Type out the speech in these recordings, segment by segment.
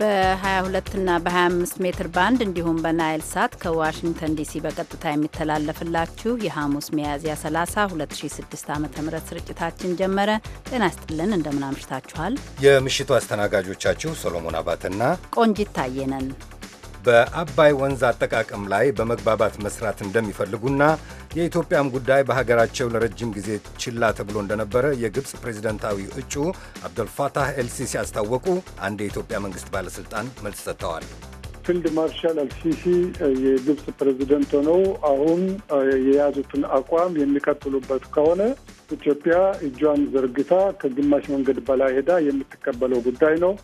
በ22 እና በ25 ሜትር ባንድ እንዲሁም በናይል ሳት ከዋሽንግተን ዲሲ በቀጥታ የሚተላለፍላችሁ የሐሙስ ሚያዝያ 30 2006 ዓ ም ስርጭታችን ጀመረ። ጤና ይስጥልን፣ እንደምን አምሽታችኋል። የምሽቱ አስተናጋጆቻችሁ ሶሎሞን አባትና ቆንጂት ታየነን። በአባይ ወንዝ አጠቃቀም ላይ በመግባባት መስራት እንደሚፈልጉና የኢትዮጵያም ጉዳይ በሀገራቸው ለረጅም ጊዜ ችላ ተብሎ እንደነበረ የግብፅ ፕሬዚደንታዊ እጩ አብደልፋታህ ኤልሲሲ አስታወቁ። አንድ የኢትዮጵያ መንግሥት ባለሥልጣን መልስ ሰጥተዋል። ፊልድ ማርሻል አልሲሲ የግብፅ ፕሬዚደንት ሆነው አሁን የያዙትን አቋም የሚቀጥሉበት ከሆነ ኢትዮጵያ እጇን ዘርግታ ከግማሽ መንገድ በላይ ሄዳ የምትቀበለው ጉዳይ ነው።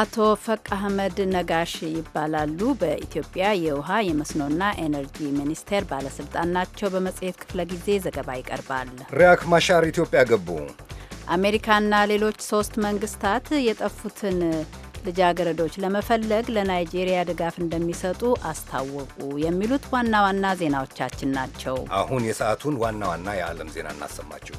አቶ ፈቅ አህመድ ነጋሽ ይባላሉ። በኢትዮጵያ የውሃ የመስኖና ኤነርጂ ሚኒስቴር ባለስልጣን ናቸው። በመጽሔት ክፍለ ጊዜ ዘገባ ይቀርባል። ሪያክ ማሻር ኢትዮጵያ ገቡ። አሜሪካና ሌሎች ሶስት መንግስታት የጠፉትን ልጃገረዶች ለመፈለግ ለናይጄሪያ ድጋፍ እንደሚሰጡ አስታወቁ። የሚሉት ዋና ዋና ዜናዎቻችን ናቸው። አሁን የሰዓቱን ዋና ዋና የዓለም ዜና እናሰማችሁ።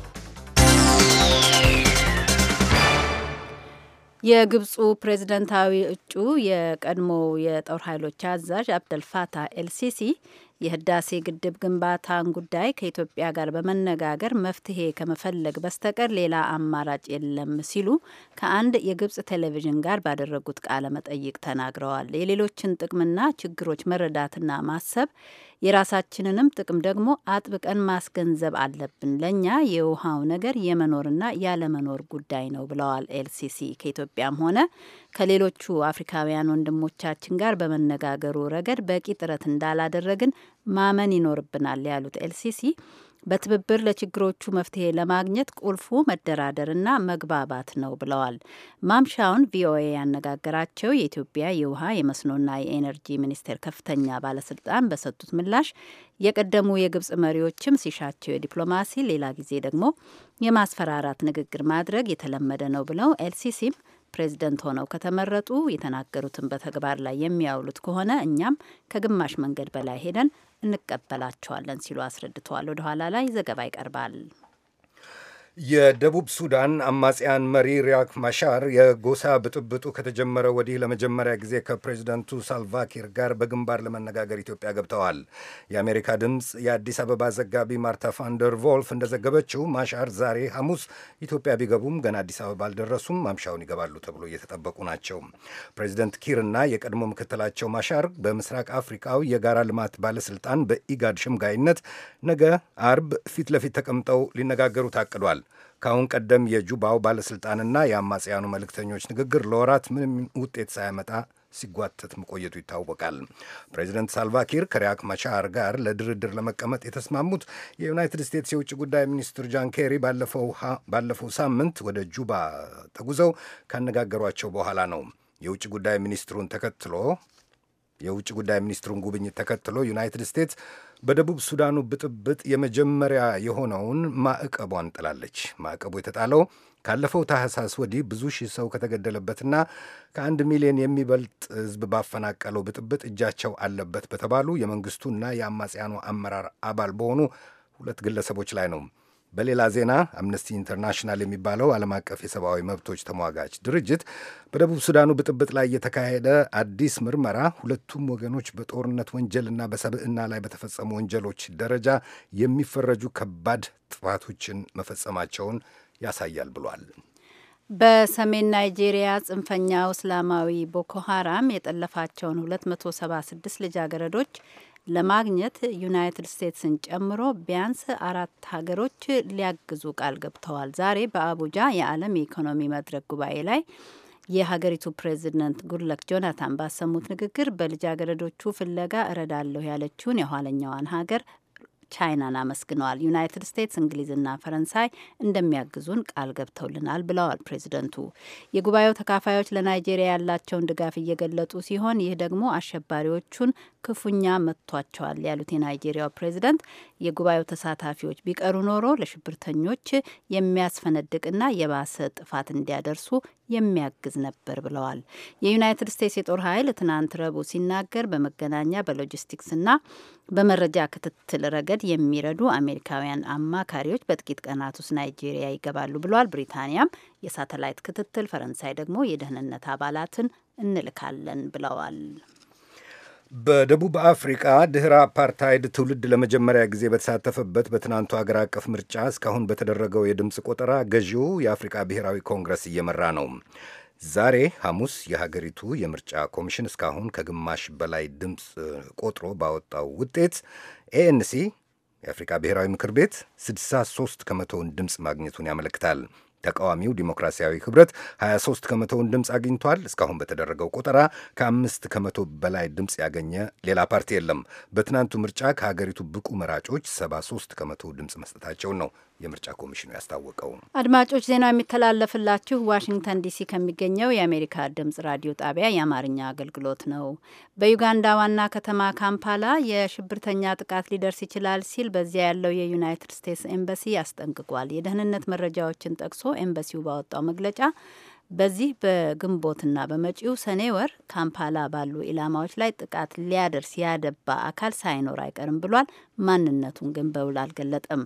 የግብፁ ፕሬዝደንታዊ እጩ የቀድሞ የጦር ኃይሎች አዛዥ አብደልፋታህ ኤልሲሲ የህዳሴ ግድብ ግንባታን ጉዳይ ከኢትዮጵያ ጋር በመነጋገር መፍትሄ ከመፈለግ በስተቀር ሌላ አማራጭ የለም ሲሉ ከአንድ የግብጽ ቴሌቪዥን ጋር ባደረጉት ቃለ መጠይቅ ተናግረዋል። የሌሎችን ጥቅምና ችግሮች መረዳትና ማሰብ የራሳችንንም ጥቅም ደግሞ አጥብቀን ማስገንዘብ አለብን። ለእኛ የውሃው ነገር የመኖርና ያለመኖር ጉዳይ ነው ብለዋል ኤልሲሲ። ከኢትዮጵያም ሆነ ከሌሎቹ አፍሪካውያን ወንድሞቻችን ጋር በመነጋገሩ ረገድ በቂ ጥረት እንዳላደረግን ማመን ይኖርብናል ያሉት ኤልሲሲ በትብብር ለችግሮቹ መፍትሄ ለማግኘት ቁልፉ መደራደርና መግባባት ነው ብለዋል። ማምሻውን ቪኦኤ ያነጋገራቸው የኢትዮጵያ የውሃ የመስኖና የኤነርጂ ሚኒስቴር ከፍተኛ ባለስልጣን በሰጡት ምላሽ የቀደሙ የግብጽ መሪዎችም ሲሻቸው የዲፕሎማሲ ሌላ ጊዜ ደግሞ የማስፈራራት ንግግር ማድረግ የተለመደ ነው ብለው ኤልሲሲም ፕሬዚደንት ሆነው ከተመረጡ የተናገሩትን በተግባር ላይ የሚያውሉት ከሆነ እኛም ከግማሽ መንገድ በላይ ሄደን እንቀበላቸዋለን ሲሉ አስረድተዋል። ወደኋላ ላይ ዘገባ ይቀርባል። የደቡብ ሱዳን አማጽያን መሪ ሪያክ ማሻር የጎሳ ብጥብጡ ከተጀመረ ወዲህ ለመጀመሪያ ጊዜ ከፕሬዚደንቱ ሳልቫኪር ጋር በግንባር ለመነጋገር ኢትዮጵያ ገብተዋል። የአሜሪካ ድምፅ የአዲስ አበባ ዘጋቢ ማርታ ፋንደር ቮልፍ እንደዘገበችው ማሻር ዛሬ ሐሙስ ኢትዮጵያ ቢገቡም ገና አዲስ አበባ አልደረሱም። ማምሻውን ይገባሉ ተብሎ እየተጠበቁ ናቸው። ፕሬዚደንት እና የቀድሞ ምክትላቸው ማሻር በምስራቅ አፍሪካው የጋራ ልማት ባለስልጣን በኢጋድ ሸምጋይነት ነገ አርብ ፊት ለፊት ተቀምጠው ሊነጋገሩ ታቅዷል። ከአሁን ቀደም የጁባው ባለሥልጣንና የአማጽያኑ መልእክተኞች ንግግር ለወራት ምንም ውጤት ሳያመጣ ሲጓተት መቆየቱ ይታወቃል። ፕሬዚደንት ሳልቫኪር ከሪያክ ማቻር ጋር ለድርድር ለመቀመጥ የተስማሙት የዩናይትድ ስቴትስ የውጭ ጉዳይ ሚኒስትር ጃን ኬሪ ባለፈው ሳምንት ወደ ጁባ ተጉዘው ካነጋገሯቸው በኋላ ነው። የውጭ ጉዳይ ሚኒስትሩን ተከትሎ የውጭ ጉዳይ ሚኒስትሩን ጉብኝት ተከትሎ ዩናይትድ ስቴትስ በደቡብ ሱዳኑ ብጥብጥ የመጀመሪያ የሆነውን ማዕቀቧን ጥላለች። ማዕቀቡ የተጣለው ካለፈው ታህሳስ ወዲህ ብዙ ሺህ ሰው ከተገደለበትና ከአንድ ሚሊዮን የሚበልጥ ሕዝብ ባፈናቀለው ብጥብጥ እጃቸው አለበት በተባሉ የመንግስቱና የአማጽያኑ አመራር አባል በሆኑ ሁለት ግለሰቦች ላይ ነው። በሌላ ዜና አምነስቲ ኢንተርናሽናል የሚባለው ዓለም አቀፍ የሰብአዊ መብቶች ተሟጋች ድርጅት በደቡብ ሱዳኑ ብጥብጥ ላይ የተካሄደ አዲስ ምርመራ ሁለቱም ወገኖች በጦርነት ወንጀልና በሰብዕና ላይ በተፈጸሙ ወንጀሎች ደረጃ የሚፈረጁ ከባድ ጥፋቶችን መፈጸማቸውን ያሳያል ብሏል። በሰሜን ናይጄሪያ ጽንፈኛው እስላማዊ ቦኮ ሀራም የጠለፋቸውን 276 ልጃገረዶች ለማግኘት ዩናይትድ ስቴትስን ጨምሮ ቢያንስ አራት ሀገሮች ሊያግዙ ቃል ገብተዋል። ዛሬ በአቡጃ የዓለም የኢኮኖሚ መድረክ ጉባኤ ላይ የሀገሪቱ ፕሬዚደንት ጉድለክ ጆናታን ባሰሙት ንግግር በልጃገረዶቹ ፍለጋ እረዳለሁ ያለችውን የኋለኛዋን ሀገር ቻይናን አመስግነዋል። ዩናይትድ ስቴትስ፣ እንግሊዝና ፈረንሳይ እንደሚያግዙን ቃል ገብተውልናል ብለዋል ፕሬዚደንቱ። የጉባኤው ተካፋዮች ለናይጄሪያ ያላቸውን ድጋፍ እየገለጡ ሲሆን ይህ ደግሞ አሸባሪዎቹን ክፉኛ መጥቷቸዋል ያሉት የናይጄሪያው ፕሬዚደንት የጉባኤው ተሳታፊዎች ቢቀሩ ኖሮ ለሽብርተኞች የሚያስፈነድቅና የባሰ ጥፋት እንዲያደርሱ የሚያግዝ ነበር ብለዋል። የዩናይትድ ስቴትስ የጦር ኃይል ትናንት ረቡዕ ሲናገር በመገናኛ በሎጂስቲክስና በመረጃ ክትትል ረገድ የሚረዱ አሜሪካውያን አማካሪዎች በጥቂት ቀናት ውስጥ ናይጄሪያ ይገባሉ ብለዋል። ብሪታንያም የሳተላይት ክትትል፣ ፈረንሳይ ደግሞ የደህንነት አባላትን እንልካለን ብለዋል። በደቡብ አፍሪቃ ድህረ አፓርታይድ ትውልድ ለመጀመሪያ ጊዜ በተሳተፈበት በትናንቱ ሀገር አቀፍ ምርጫ እስካሁን በተደረገው የድምፅ ቆጠራ ገዢው የአፍሪቃ ብሔራዊ ኮንግረስ እየመራ ነው። ዛሬ ሐሙስ የሀገሪቱ የምርጫ ኮሚሽን እስካሁን ከግማሽ በላይ ድምፅ ቆጥሮ ባወጣው ውጤት ኤኤንሲ የአፍሪካ ብሔራዊ ምክር ቤት 63 ከመቶውን ድምፅ ማግኘቱን ያመለክታል። ተቃዋሚው ዲሞክራሲያዊ ህብረት 23 ከመቶውን ድምፅ አግኝቷል። እስካሁን በተደረገው ቆጠራ ከአምስት ከመቶ በላይ ድምፅ ያገኘ ሌላ ፓርቲ የለም። በትናንቱ ምርጫ ከሀገሪቱ ብቁ መራጮች 73 ከመቶ ድምፅ መስጠታቸውን ነው የምርጫ ኮሚሽኑ ያስታወቀው። አድማጮች ዜና የሚተላለፍላችሁ ዋሽንግተን ዲሲ ከሚገኘው የአሜሪካ ድምጽ ራዲዮ ጣቢያ የአማርኛ አገልግሎት ነው። በዩጋንዳ ዋና ከተማ ካምፓላ የሽብርተኛ ጥቃት ሊደርስ ይችላል ሲል በዚያ ያለው የዩናይትድ ስቴትስ ኤምባሲ ያስጠንቅቋል። የደህንነት መረጃዎችን ጠቅሶ ኤምባሲው ባወጣው መግለጫ በዚህ በግንቦትና በመጪው ሰኔ ወር ካምፓላ ባሉ ኢላማዎች ላይ ጥቃት ሊያደርስ ያደባ አካል ሳይኖር አይቀርም ብሏል። ማንነቱን ግን በውል አልገለጠም።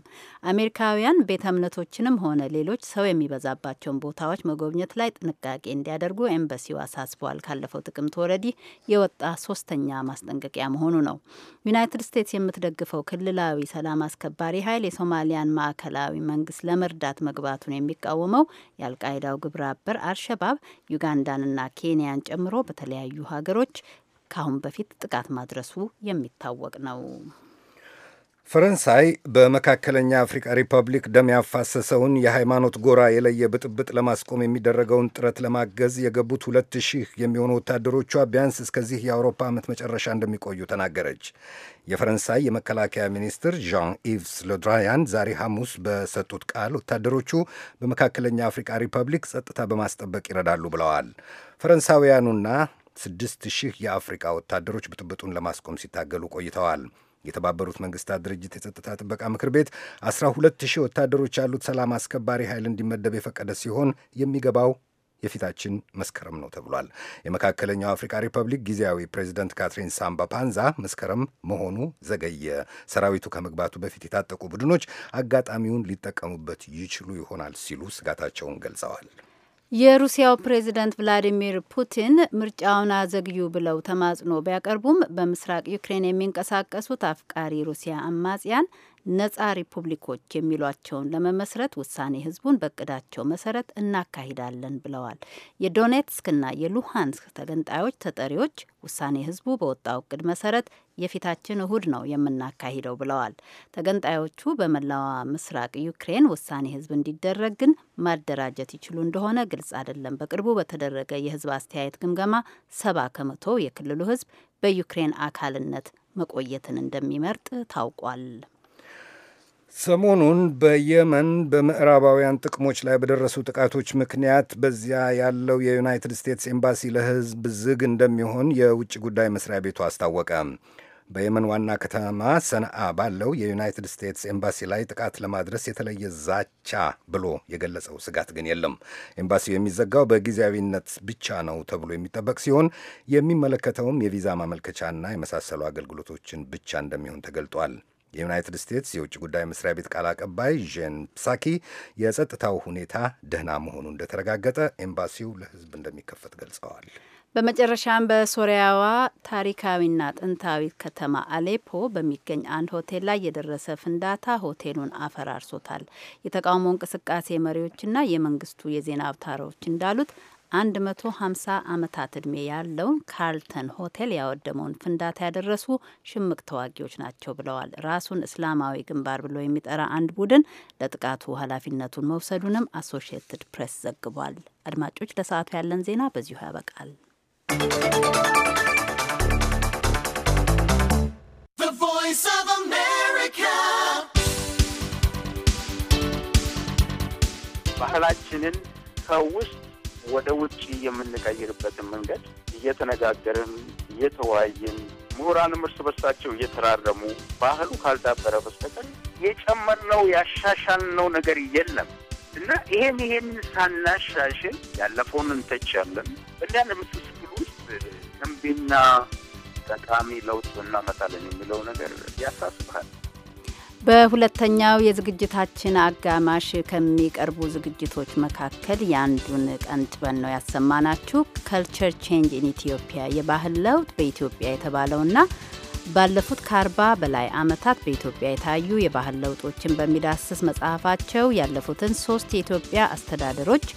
አሜሪካውያን ቤተ እምነቶችንም ሆነ ሌሎች ሰው የሚበዛባቸውን ቦታዎች መጎብኘት ላይ ጥንቃቄ እንዲያደርጉ ኤምባሲው አሳስበዋል። ካለፈው ጥቅምት ወረዲህ የወጣ ሶስተኛ ማስጠንቀቂያ መሆኑ ነው። ዩናይትድ ስቴትስ የምትደግፈው ክልላዊ ሰላም አስከባሪ ኃይል የሶማሊያን ማዕከላዊ መንግስት ለመርዳት መግባቱን የሚቃወመው የአልቃይዳው ግብረ አበር አልሸባብ ዩጋንዳንና ኬንያን ጨምሮ በተለያዩ ሀገሮች ከአሁን በፊት ጥቃት ማድረሱ የሚታወቅ ነው። ፈረንሳይ በመካከለኛ አፍሪካ ሪፐብሊክ ደም ያፋሰሰውን የሃይማኖት ጎራ የለየ ብጥብጥ ለማስቆም የሚደረገውን ጥረት ለማገዝ የገቡት ሁለት ሺህ የሚሆኑ ወታደሮቿ ቢያንስ እስከዚህ የአውሮፓ ዓመት መጨረሻ እንደሚቆዩ ተናገረች። የፈረንሳይ የመከላከያ ሚኒስትር ዣን ኢቭስ ሎድራያን ዛሬ ሐሙስ በሰጡት ቃል ወታደሮቹ በመካከለኛ አፍሪካ ሪፐብሊክ ጸጥታ በማስጠበቅ ይረዳሉ ብለዋል። ፈረንሳውያኑና ስድስት ሺህ የአፍሪካ ወታደሮች ብጥብጡን ለማስቆም ሲታገሉ ቆይተዋል። የተባበሩት መንግስታት ድርጅት የጸጥታ ጥበቃ ምክር ቤት 12 ወታደሮች ያሉት ሰላም አስከባሪ ኃይል እንዲመደብ የፈቀደ ሲሆን የሚገባው የፊታችን መስከረም ነው ተብሏል። የመካከለኛው አፍሪካ ሪፐብሊክ ጊዜያዊ ፕሬዚደንት ካትሪን ሳምባ ፓንዛ መስከረም መሆኑ ዘገየ። ሰራዊቱ ከመግባቱ በፊት የታጠቁ ቡድኖች አጋጣሚውን ሊጠቀሙበት ይችሉ ይሆናል ሲሉ ስጋታቸውን ገልጸዋል። የሩሲያው ፕሬዝደንት ቭላዲሚር ፑቲን ምርጫውን አዘግዩ ብለው ተማጽኖ ቢያቀርቡም በምስራቅ ዩክሬን የሚንቀሳቀሱት አፍቃሪ ሩሲያ አማጽያን ነጻ ሪፑብሊኮች የሚሏቸውን ለመመስረት ውሳኔ ህዝቡን በእቅዳቸው መሰረት እናካሂዳለን ብለዋል። የዶኔትስክና የሉሃንስክ ተገንጣዮች ተጠሪዎች ውሳኔ ህዝቡ በወጣው እቅድ መሰረት የፊታችን እሁድ ነው የምናካሂደው ብለዋል። ተገንጣዮቹ በመላዋ ምስራቅ ዩክሬን ውሳኔ ህዝብ እንዲደረግ ግን ማደራጀት ይችሉ እንደሆነ ግልጽ አይደለም። በቅርቡ በተደረገ የህዝብ አስተያየት ግምገማ ሰባ ከመቶ የክልሉ ህዝብ በዩክሬን አካልነት መቆየትን እንደሚመርጥ ታውቋል። ሰሞኑን በየመን በምዕራባውያን ጥቅሞች ላይ በደረሱ ጥቃቶች ምክንያት በዚያ ያለው የዩናይትድ ስቴትስ ኤምባሲ ለሕዝብ ዝግ እንደሚሆን የውጭ ጉዳይ መስሪያ ቤቱ አስታወቀ። በየመን ዋና ከተማ ሰነአ ባለው የዩናይትድ ስቴትስ ኤምባሲ ላይ ጥቃት ለማድረስ የተለየ ዛቻ ብሎ የገለጸው ስጋት ግን የለም። ኤምባሲው የሚዘጋው በጊዜያዊነት ብቻ ነው ተብሎ የሚጠበቅ ሲሆን የሚመለከተውም የቪዛ ማመልከቻና የመሳሰሉ አገልግሎቶችን ብቻ እንደሚሆን ተገልጧል። የዩናይትድ ስቴትስ የውጭ ጉዳይ መስሪያ ቤት ቃል አቀባይ ዤን ሳኪ የጸጥታው ሁኔታ ደህና መሆኑ እንደተረጋገጠ ኤምባሲው ለሕዝብ እንደሚከፈት ገልጸዋል። በመጨረሻም በሶሪያዋ ታሪካዊና ጥንታዊ ከተማ አሌፖ በሚገኝ አንድ ሆቴል ላይ የደረሰ ፍንዳታ ሆቴሉን አፈራርሶታል። የተቃውሞ እንቅስቃሴ መሪዎችና የመንግስቱ የዜና አውታሮች እንዳሉት 150 ዓመታት ዕድሜ ያለውን ካርልተን ሆቴል ያወደመውን ፍንዳታ ያደረሱ ሽምቅ ተዋጊዎች ናቸው ብለዋል። ራሱን እስላማዊ ግንባር ብሎ የሚጠራ አንድ ቡድን ለጥቃቱ ኃላፊነቱን መውሰዱንም አሶሽየትድ ፕሬስ ዘግቧል። አድማጮች፣ ለሰዓቱ ያለን ዜና በዚሁ ያበቃል። ባህላችንን ከውስጥ ወደ ውጭ የምንቀይርበትን መንገድ እየተነጋገርን እየተወያየን ምሁራንም እርስ በርሳቸው እየተራረሙ ባህሉ ካልዳበረ በስተቀር የጨመርነው ያሻሻልነው ነገር የለም እና ይሄን ይሄን ሳናሻሽል ያለፈውን እንተቻለን። በእንዲያን ምስስክል ውስጥ ገንቢና ጠቃሚ ለውጥ እናመጣለን የሚለው ነገር ያሳስብሃል። በሁለተኛው የዝግጅታችን አጋማሽ ከሚቀርቡ ዝግጅቶች መካከል የአንዱን ቀንጥበን ነው ያሰማናችሁ። ከልቸር ቼንጅ ኢን ኢትዮጵያ የባህል ለውጥ በኢትዮጵያ የተባለውና ባለፉት ከአርባ በላይ ዓመታት በኢትዮጵያ የታዩ የባህል ለውጦችን በሚዳስስ መጽሐፋቸው ያለፉትን ሶስት የኢትዮጵያ አስተዳደሮች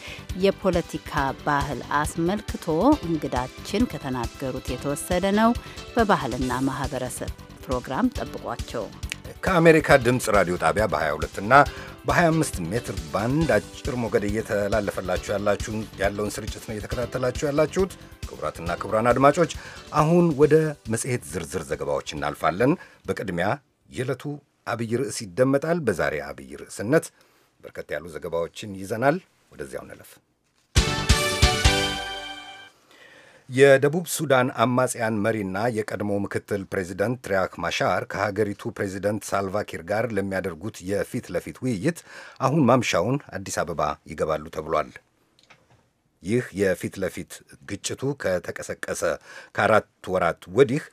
የፖለቲካ ባህል አስመልክቶ እንግዳችን ከተናገሩት የተወሰደ ነው። በባህልና ማህበረሰብ ፕሮግራም ጠብቋቸው። ከአሜሪካ ድምፅ ራዲዮ ጣቢያ በ22 እና በ25 ሜትር ባንድ አጭር ሞገድ እየተላለፈላችሁ ያለውን ስርጭት ነው እየተከታተላችሁ ያላችሁት። ክቡራትና ክቡራን አድማጮች አሁን ወደ መጽሔት ዝርዝር ዘገባዎች እናልፋለን። በቅድሚያ የዕለቱ አብይ ርዕስ ይደመጣል። በዛሬ አብይ ርዕስነት በርከት ያሉ ዘገባዎችን ይዘናል። ወደዚያው እንለፍ። የደቡብ ሱዳን አማጽያን መሪና የቀድሞ ምክትል ፕሬዚደንት ሪያክ ማሻር ከሀገሪቱ ፕሬዚደንት ሳልቫኪር ጋር ለሚያደርጉት የፊት ለፊት ውይይት አሁን ማምሻውን አዲስ አበባ ይገባሉ ተብሏል። ይህ የፊት ለፊት ግጭቱ ከተቀሰቀሰ ከአራት ወራት ወዲህ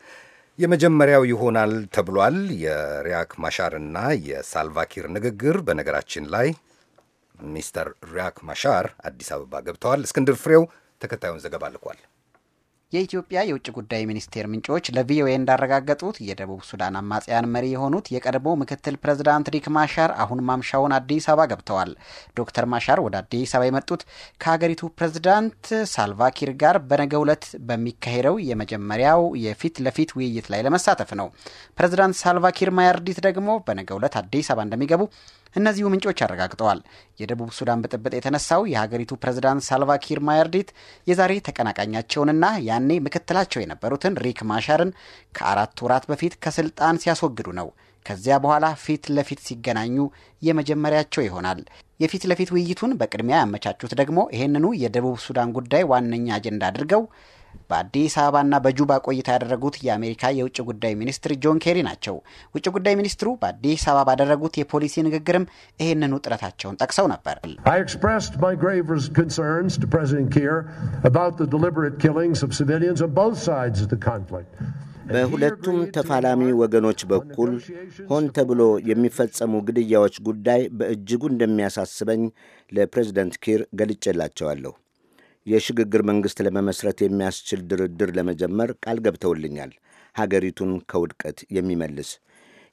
የመጀመሪያው ይሆናል ተብሏል። የሪያክ ማሻርና የሳልቫኪር ንግግር። በነገራችን ላይ ሚስተር ሪያክ ማሻር አዲስ አበባ ገብተዋል። እስክንድር ፍሬው ተከታዩን ዘገባ ልኳል። የኢትዮጵያ የውጭ ጉዳይ ሚኒስቴር ምንጮች ለቪኦኤ እንዳረጋገጡት የደቡብ ሱዳን አማጽያን መሪ የሆኑት የቀድሞ ምክትል ፕሬዝዳንት ሪክ ማሻር አሁን ማምሻውን አዲስ አበባ ገብተዋል። ዶክተር ማሻር ወደ አዲስ አበባ የመጡት ከሀገሪቱ ፕሬዝዳንት ሳልቫኪር ጋር በነገ ዕለት በሚካሄደው የመጀመሪያው የፊት ለፊት ውይይት ላይ ለመሳተፍ ነው። ፕሬዝዳንት ሳልቫኪር ማያርዲት ደግሞ በነገ ዕለት አዲስ አበባ እንደሚገቡ እነዚሁ ምንጮች አረጋግጠዋል። የደቡብ ሱዳን ብጥብጥ የተነሳው የሀገሪቱ ፕሬዝዳንት ሳልቫኪር ማያርዲት የዛሬ ተቀናቃኛቸውንና ያኔ ምክትላቸው የነበሩትን ሪክ ማሻርን ከአራት ወራት በፊት ከስልጣን ሲያስወግዱ ነው። ከዚያ በኋላ ፊት ለፊት ሲገናኙ የመጀመሪያቸው ይሆናል። የፊት ለፊት ውይይቱን በቅድሚያ ያመቻቹት ደግሞ ይህንኑ የደቡብ ሱዳን ጉዳይ ዋነኛ አጀንዳ አድርገው በአዲስ አበባና በጁባ ቆይታ ያደረጉት የአሜሪካ የውጭ ጉዳይ ሚኒስትር ጆን ኬሪ ናቸው። ውጭ ጉዳይ ሚኒስትሩ በአዲስ አበባ ባደረጉት የፖሊሲ ንግግርም ይህንኑ ጥረታቸውን ጠቅሰው ነበር። በሁለቱም ተፋላሚ ወገኖች በኩል ሆን ተብሎ የሚፈጸሙ ግድያዎች ጉዳይ በእጅጉ እንደሚያሳስበኝ ለፕሬዚደንት ኪር ገልጬላቸዋለሁ። የሽግግር መንግሥት ለመመስረት የሚያስችል ድርድር ለመጀመር ቃል ገብተውልኛል፣ ሀገሪቱን ከውድቀት የሚመልስ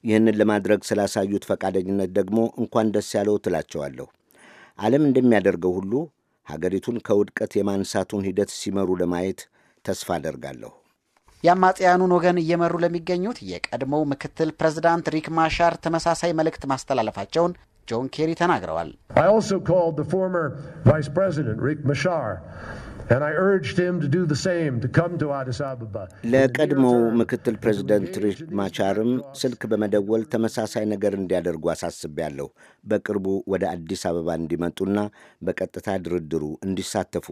ይህንን ለማድረግ ስላሳዩት ፈቃደኝነት ደግሞ እንኳን ደስ ያለው ትላቸዋለሁ። ዓለም እንደሚያደርገው ሁሉ ሀገሪቱን ከውድቀት የማንሳቱን ሂደት ሲመሩ ለማየት ተስፋ አደርጋለሁ። የአማጽያኑን ወገን እየመሩ ለሚገኙት የቀድሞው ምክትል ፕሬዝዳንት ሪክ ማሻር ተመሳሳይ መልእክት ማስተላለፋቸውን ጆን ኬሪ ተናግረዋል። ለቀድሞው ምክትል ፕሬዚደንት ሪክ ማቻርም ስልክ በመደወል ተመሳሳይ ነገር እንዲያደርጉ አሳስቤያለሁ። በቅርቡ ወደ አዲስ አበባ እንዲመጡና በቀጥታ ድርድሩ እንዲሳተፉ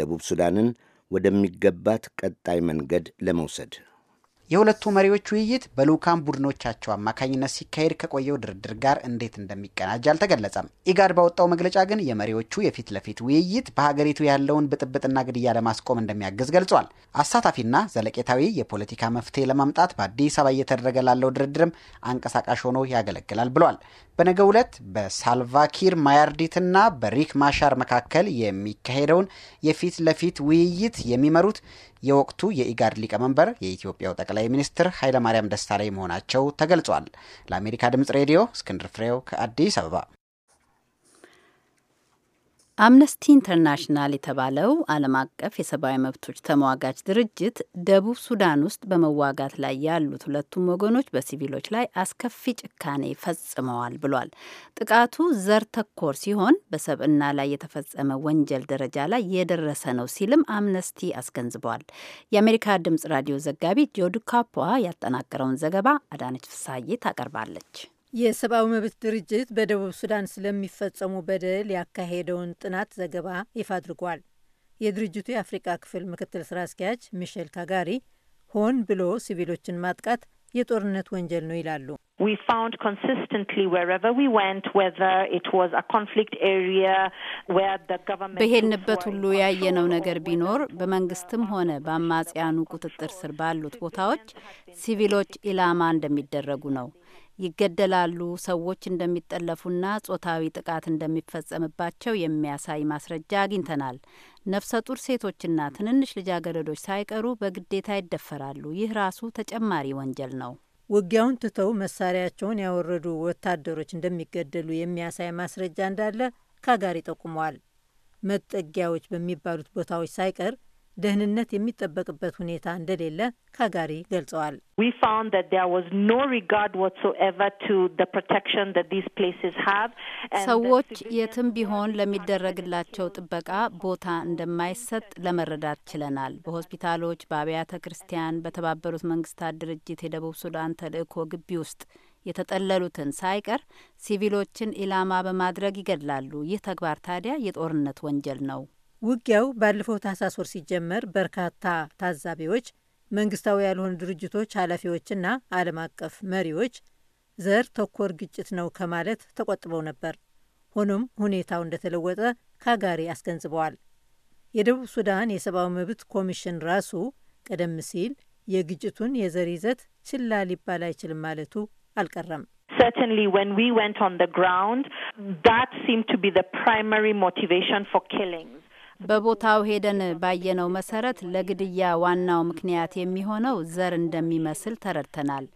ደቡብ ሱዳንን ወደሚገባት ቀጣይ መንገድ ለመውሰድ የሁለቱ መሪዎች ውይይት በልዑካን ቡድኖቻቸው አማካኝነት ሲካሄድ ከቆየው ድርድር ጋር እንዴት እንደሚቀናጅ አልተገለጸም። ኢጋድ ባወጣው መግለጫ ግን የመሪዎቹ የፊት ለፊት ውይይት በሀገሪቱ ያለውን ብጥብጥና ግድያ ለማስቆም እንደሚያግዝ ገልጿል። አሳታፊና ዘለቄታዊ የፖለቲካ መፍትሄ ለማምጣት በአዲስ አበባ እየተደረገ ላለው ድርድርም አንቀሳቃሽ ሆኖ ያገለግላል ብሏል። በነገ ዕለት በሳልቫኪር ማያርዲትና በሪክ ማሻር መካከል የሚካሄደውን የፊት ለፊት ውይይት የሚመሩት የወቅቱ የኢጋድ ሊቀመንበር የኢትዮጵያው ጠቅላይ ሚኒስትር ኃይለማርያም ደሳለኝ መሆናቸው ተገልጿል። ለአሜሪካ ድምጽ ሬዲዮ እስክንድር ፍሬው ከአዲስ አበባ አምነስቲ ኢንተርናሽናል የተባለው ዓለም አቀፍ የሰብአዊ መብቶች ተሟጋች ድርጅት ደቡብ ሱዳን ውስጥ በመዋጋት ላይ ያሉት ሁለቱም ወገኖች በሲቪሎች ላይ አስከፊ ጭካኔ ፈጽመዋል ብሏል። ጥቃቱ ዘር ተኮር ሲሆን በሰብዕና ላይ የተፈጸመ ወንጀል ደረጃ ላይ የደረሰ ነው ሲልም አምነስቲ አስገንዝቧል። የአሜሪካ ድምጽ ራዲዮ ዘጋቢ ጆዲ ካፖ ያጠናቀረውን ዘገባ አዳነች ፍሳዬ ታቀርባለች። የሰብአዊ መብት ድርጅት በደቡብ ሱዳን ስለሚፈጸሙ በደል ያካሄደውን ጥናት ዘገባ ይፋ አድርጓል። የድርጅቱ የአፍሪቃ ክፍል ምክትል ስራ አስኪያጅ ሚሼል ካጋሪ ሆን ብሎ ሲቪሎችን ማጥቃት የጦርነት ወንጀል ነው ይላሉ። በሄድንበት ሁሉ ያየነው ነገር ቢኖር በመንግስትም ሆነ በአማጽያኑ ቁጥጥር ስር ባሉት ቦታዎች ሲቪሎች ኢላማ እንደሚደረጉ ነው። ይገደላሉ፣ ሰዎች እንደሚጠለፉና ጾታዊ ጥቃት እንደሚፈጸምባቸው የሚያሳይ ማስረጃ አግኝተናል። ነፍሰ ጡር ሴቶችና ትንንሽ ልጃገረዶች ሳይቀሩ በግዴታ ይደፈራሉ። ይህ ራሱ ተጨማሪ ወንጀል ነው። ውጊያውን ትተው መሳሪያቸውን ያወረዱ ወታደሮች እንደሚገደሉ የሚያሳይ ማስረጃ እንዳለ ካጋሪ ጠቁመዋል። መጠጊያዎች በሚባሉት ቦታዎች ሳይቀር ደህንነት የሚጠበቅበት ሁኔታ እንደሌለ ካጋሪ ገልጸዋል። ሰዎች የትም ቢሆን ለሚደረግላቸው ጥበቃ ቦታ እንደማይሰጥ ለመረዳት ችለናል። በሆስፒታሎች፣ በአብያተ ክርስቲያን፣ በተባበሩት መንግስታት ድርጅት የደቡብ ሱዳን ተልእኮ ግቢ ውስጥ የተጠለሉትን ሳይቀር ሲቪሎችን ኢላማ በማድረግ ይገድላሉ። ይህ ተግባር ታዲያ የጦርነት ወንጀል ነው። ውጊያው ባለፈው ታህሳስ ወር ሲጀመር በርካታ ታዛቢዎች፣ መንግስታዊ ያልሆኑ ድርጅቶች ኃላፊዎችና ዓለም አቀፍ መሪዎች ዘር ተኮር ግጭት ነው ከማለት ተቆጥበው ነበር። ሆኖም ሁኔታው እንደተለወጠ ካጋሪ አስገንዝበዋል። የደቡብ ሱዳን የሰብአዊ መብት ኮሚሽን ራሱ ቀደም ሲል የግጭቱን የዘር ይዘት ችላ ሊባል አይችልም ማለቱ አልቀረም። በቦታው ሄደን ባየነው መሰረት ለግድያ ዋናው ምክንያት የሚሆነው ዘር እንደሚመስል ተረድተናል።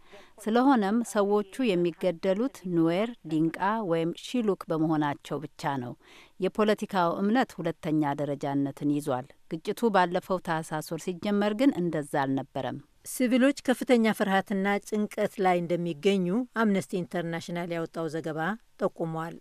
ስለሆነም ሰዎቹ የሚገደሉት ኑዌር፣ ዲንቃ ወይም ሺሉክ በመሆናቸው ብቻ ነው። የፖለቲካው እምነት ሁለተኛ ደረጃነትን ይዟል። ግጭቱ ባለፈው ታህሳስ ወር ሲጀመር ግን እንደዛ አልነበረም። ሲቪሎች ከፍተኛ ፍርሃትና ጭንቀት ላይ እንደሚገኙ አምነስቲ ኢንተርናሽናል ያወጣው ዘገባ ጠቁሟል።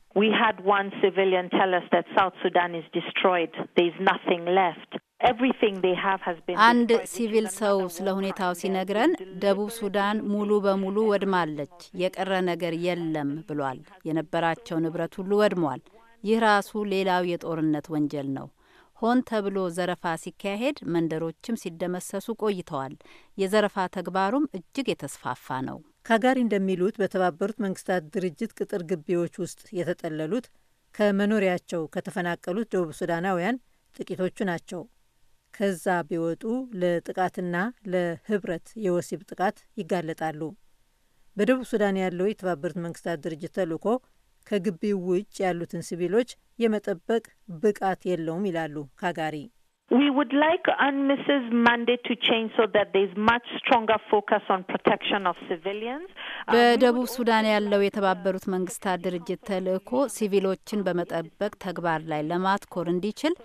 አንድ ሲቪል ሰው ስለ ሁኔታው ሲነግረን ደቡብ ሱዳን ሙሉ በሙሉ ወድማለች፣ የቀረ ነገር የለም ብሏል። የነበራቸው ንብረት ሁሉ ወድሟል። ይህ ራሱ ሌላው የጦርነት ወንጀል ነው። ሆን ተብሎ ዘረፋ ሲካሄድ፣ መንደሮችም ሲደመሰሱ ቆይተዋል። የዘረፋ ተግባሩም እጅግ የተስፋፋ ነው። ካጋሪ እንደሚሉት በተባበሩት መንግስታት ድርጅት ቅጥር ግቢዎች ውስጥ የተጠለሉት ከመኖሪያቸው ከተፈናቀሉት ደቡብ ሱዳናውያን ጥቂቶቹ ናቸው። ከዛ ቢወጡ ለጥቃትና ለህብረት የወሲብ ጥቃት ይጋለጣሉ። በደቡብ ሱዳን ያለው የተባበሩት መንግስታት ድርጅት ተልኮ። ከግቢው ውጭ ያሉትን ሲቪሎች የመጠበቅ ብቃት የለውም ይላሉ ካጋሪ። በደቡብ ሱዳን ያለው የተባበሩት መንግስታት ድርጅት ተልእኮ ሲቪሎችን በመጠበቅ ተግባር ላይ ለማትኮር እንዲችል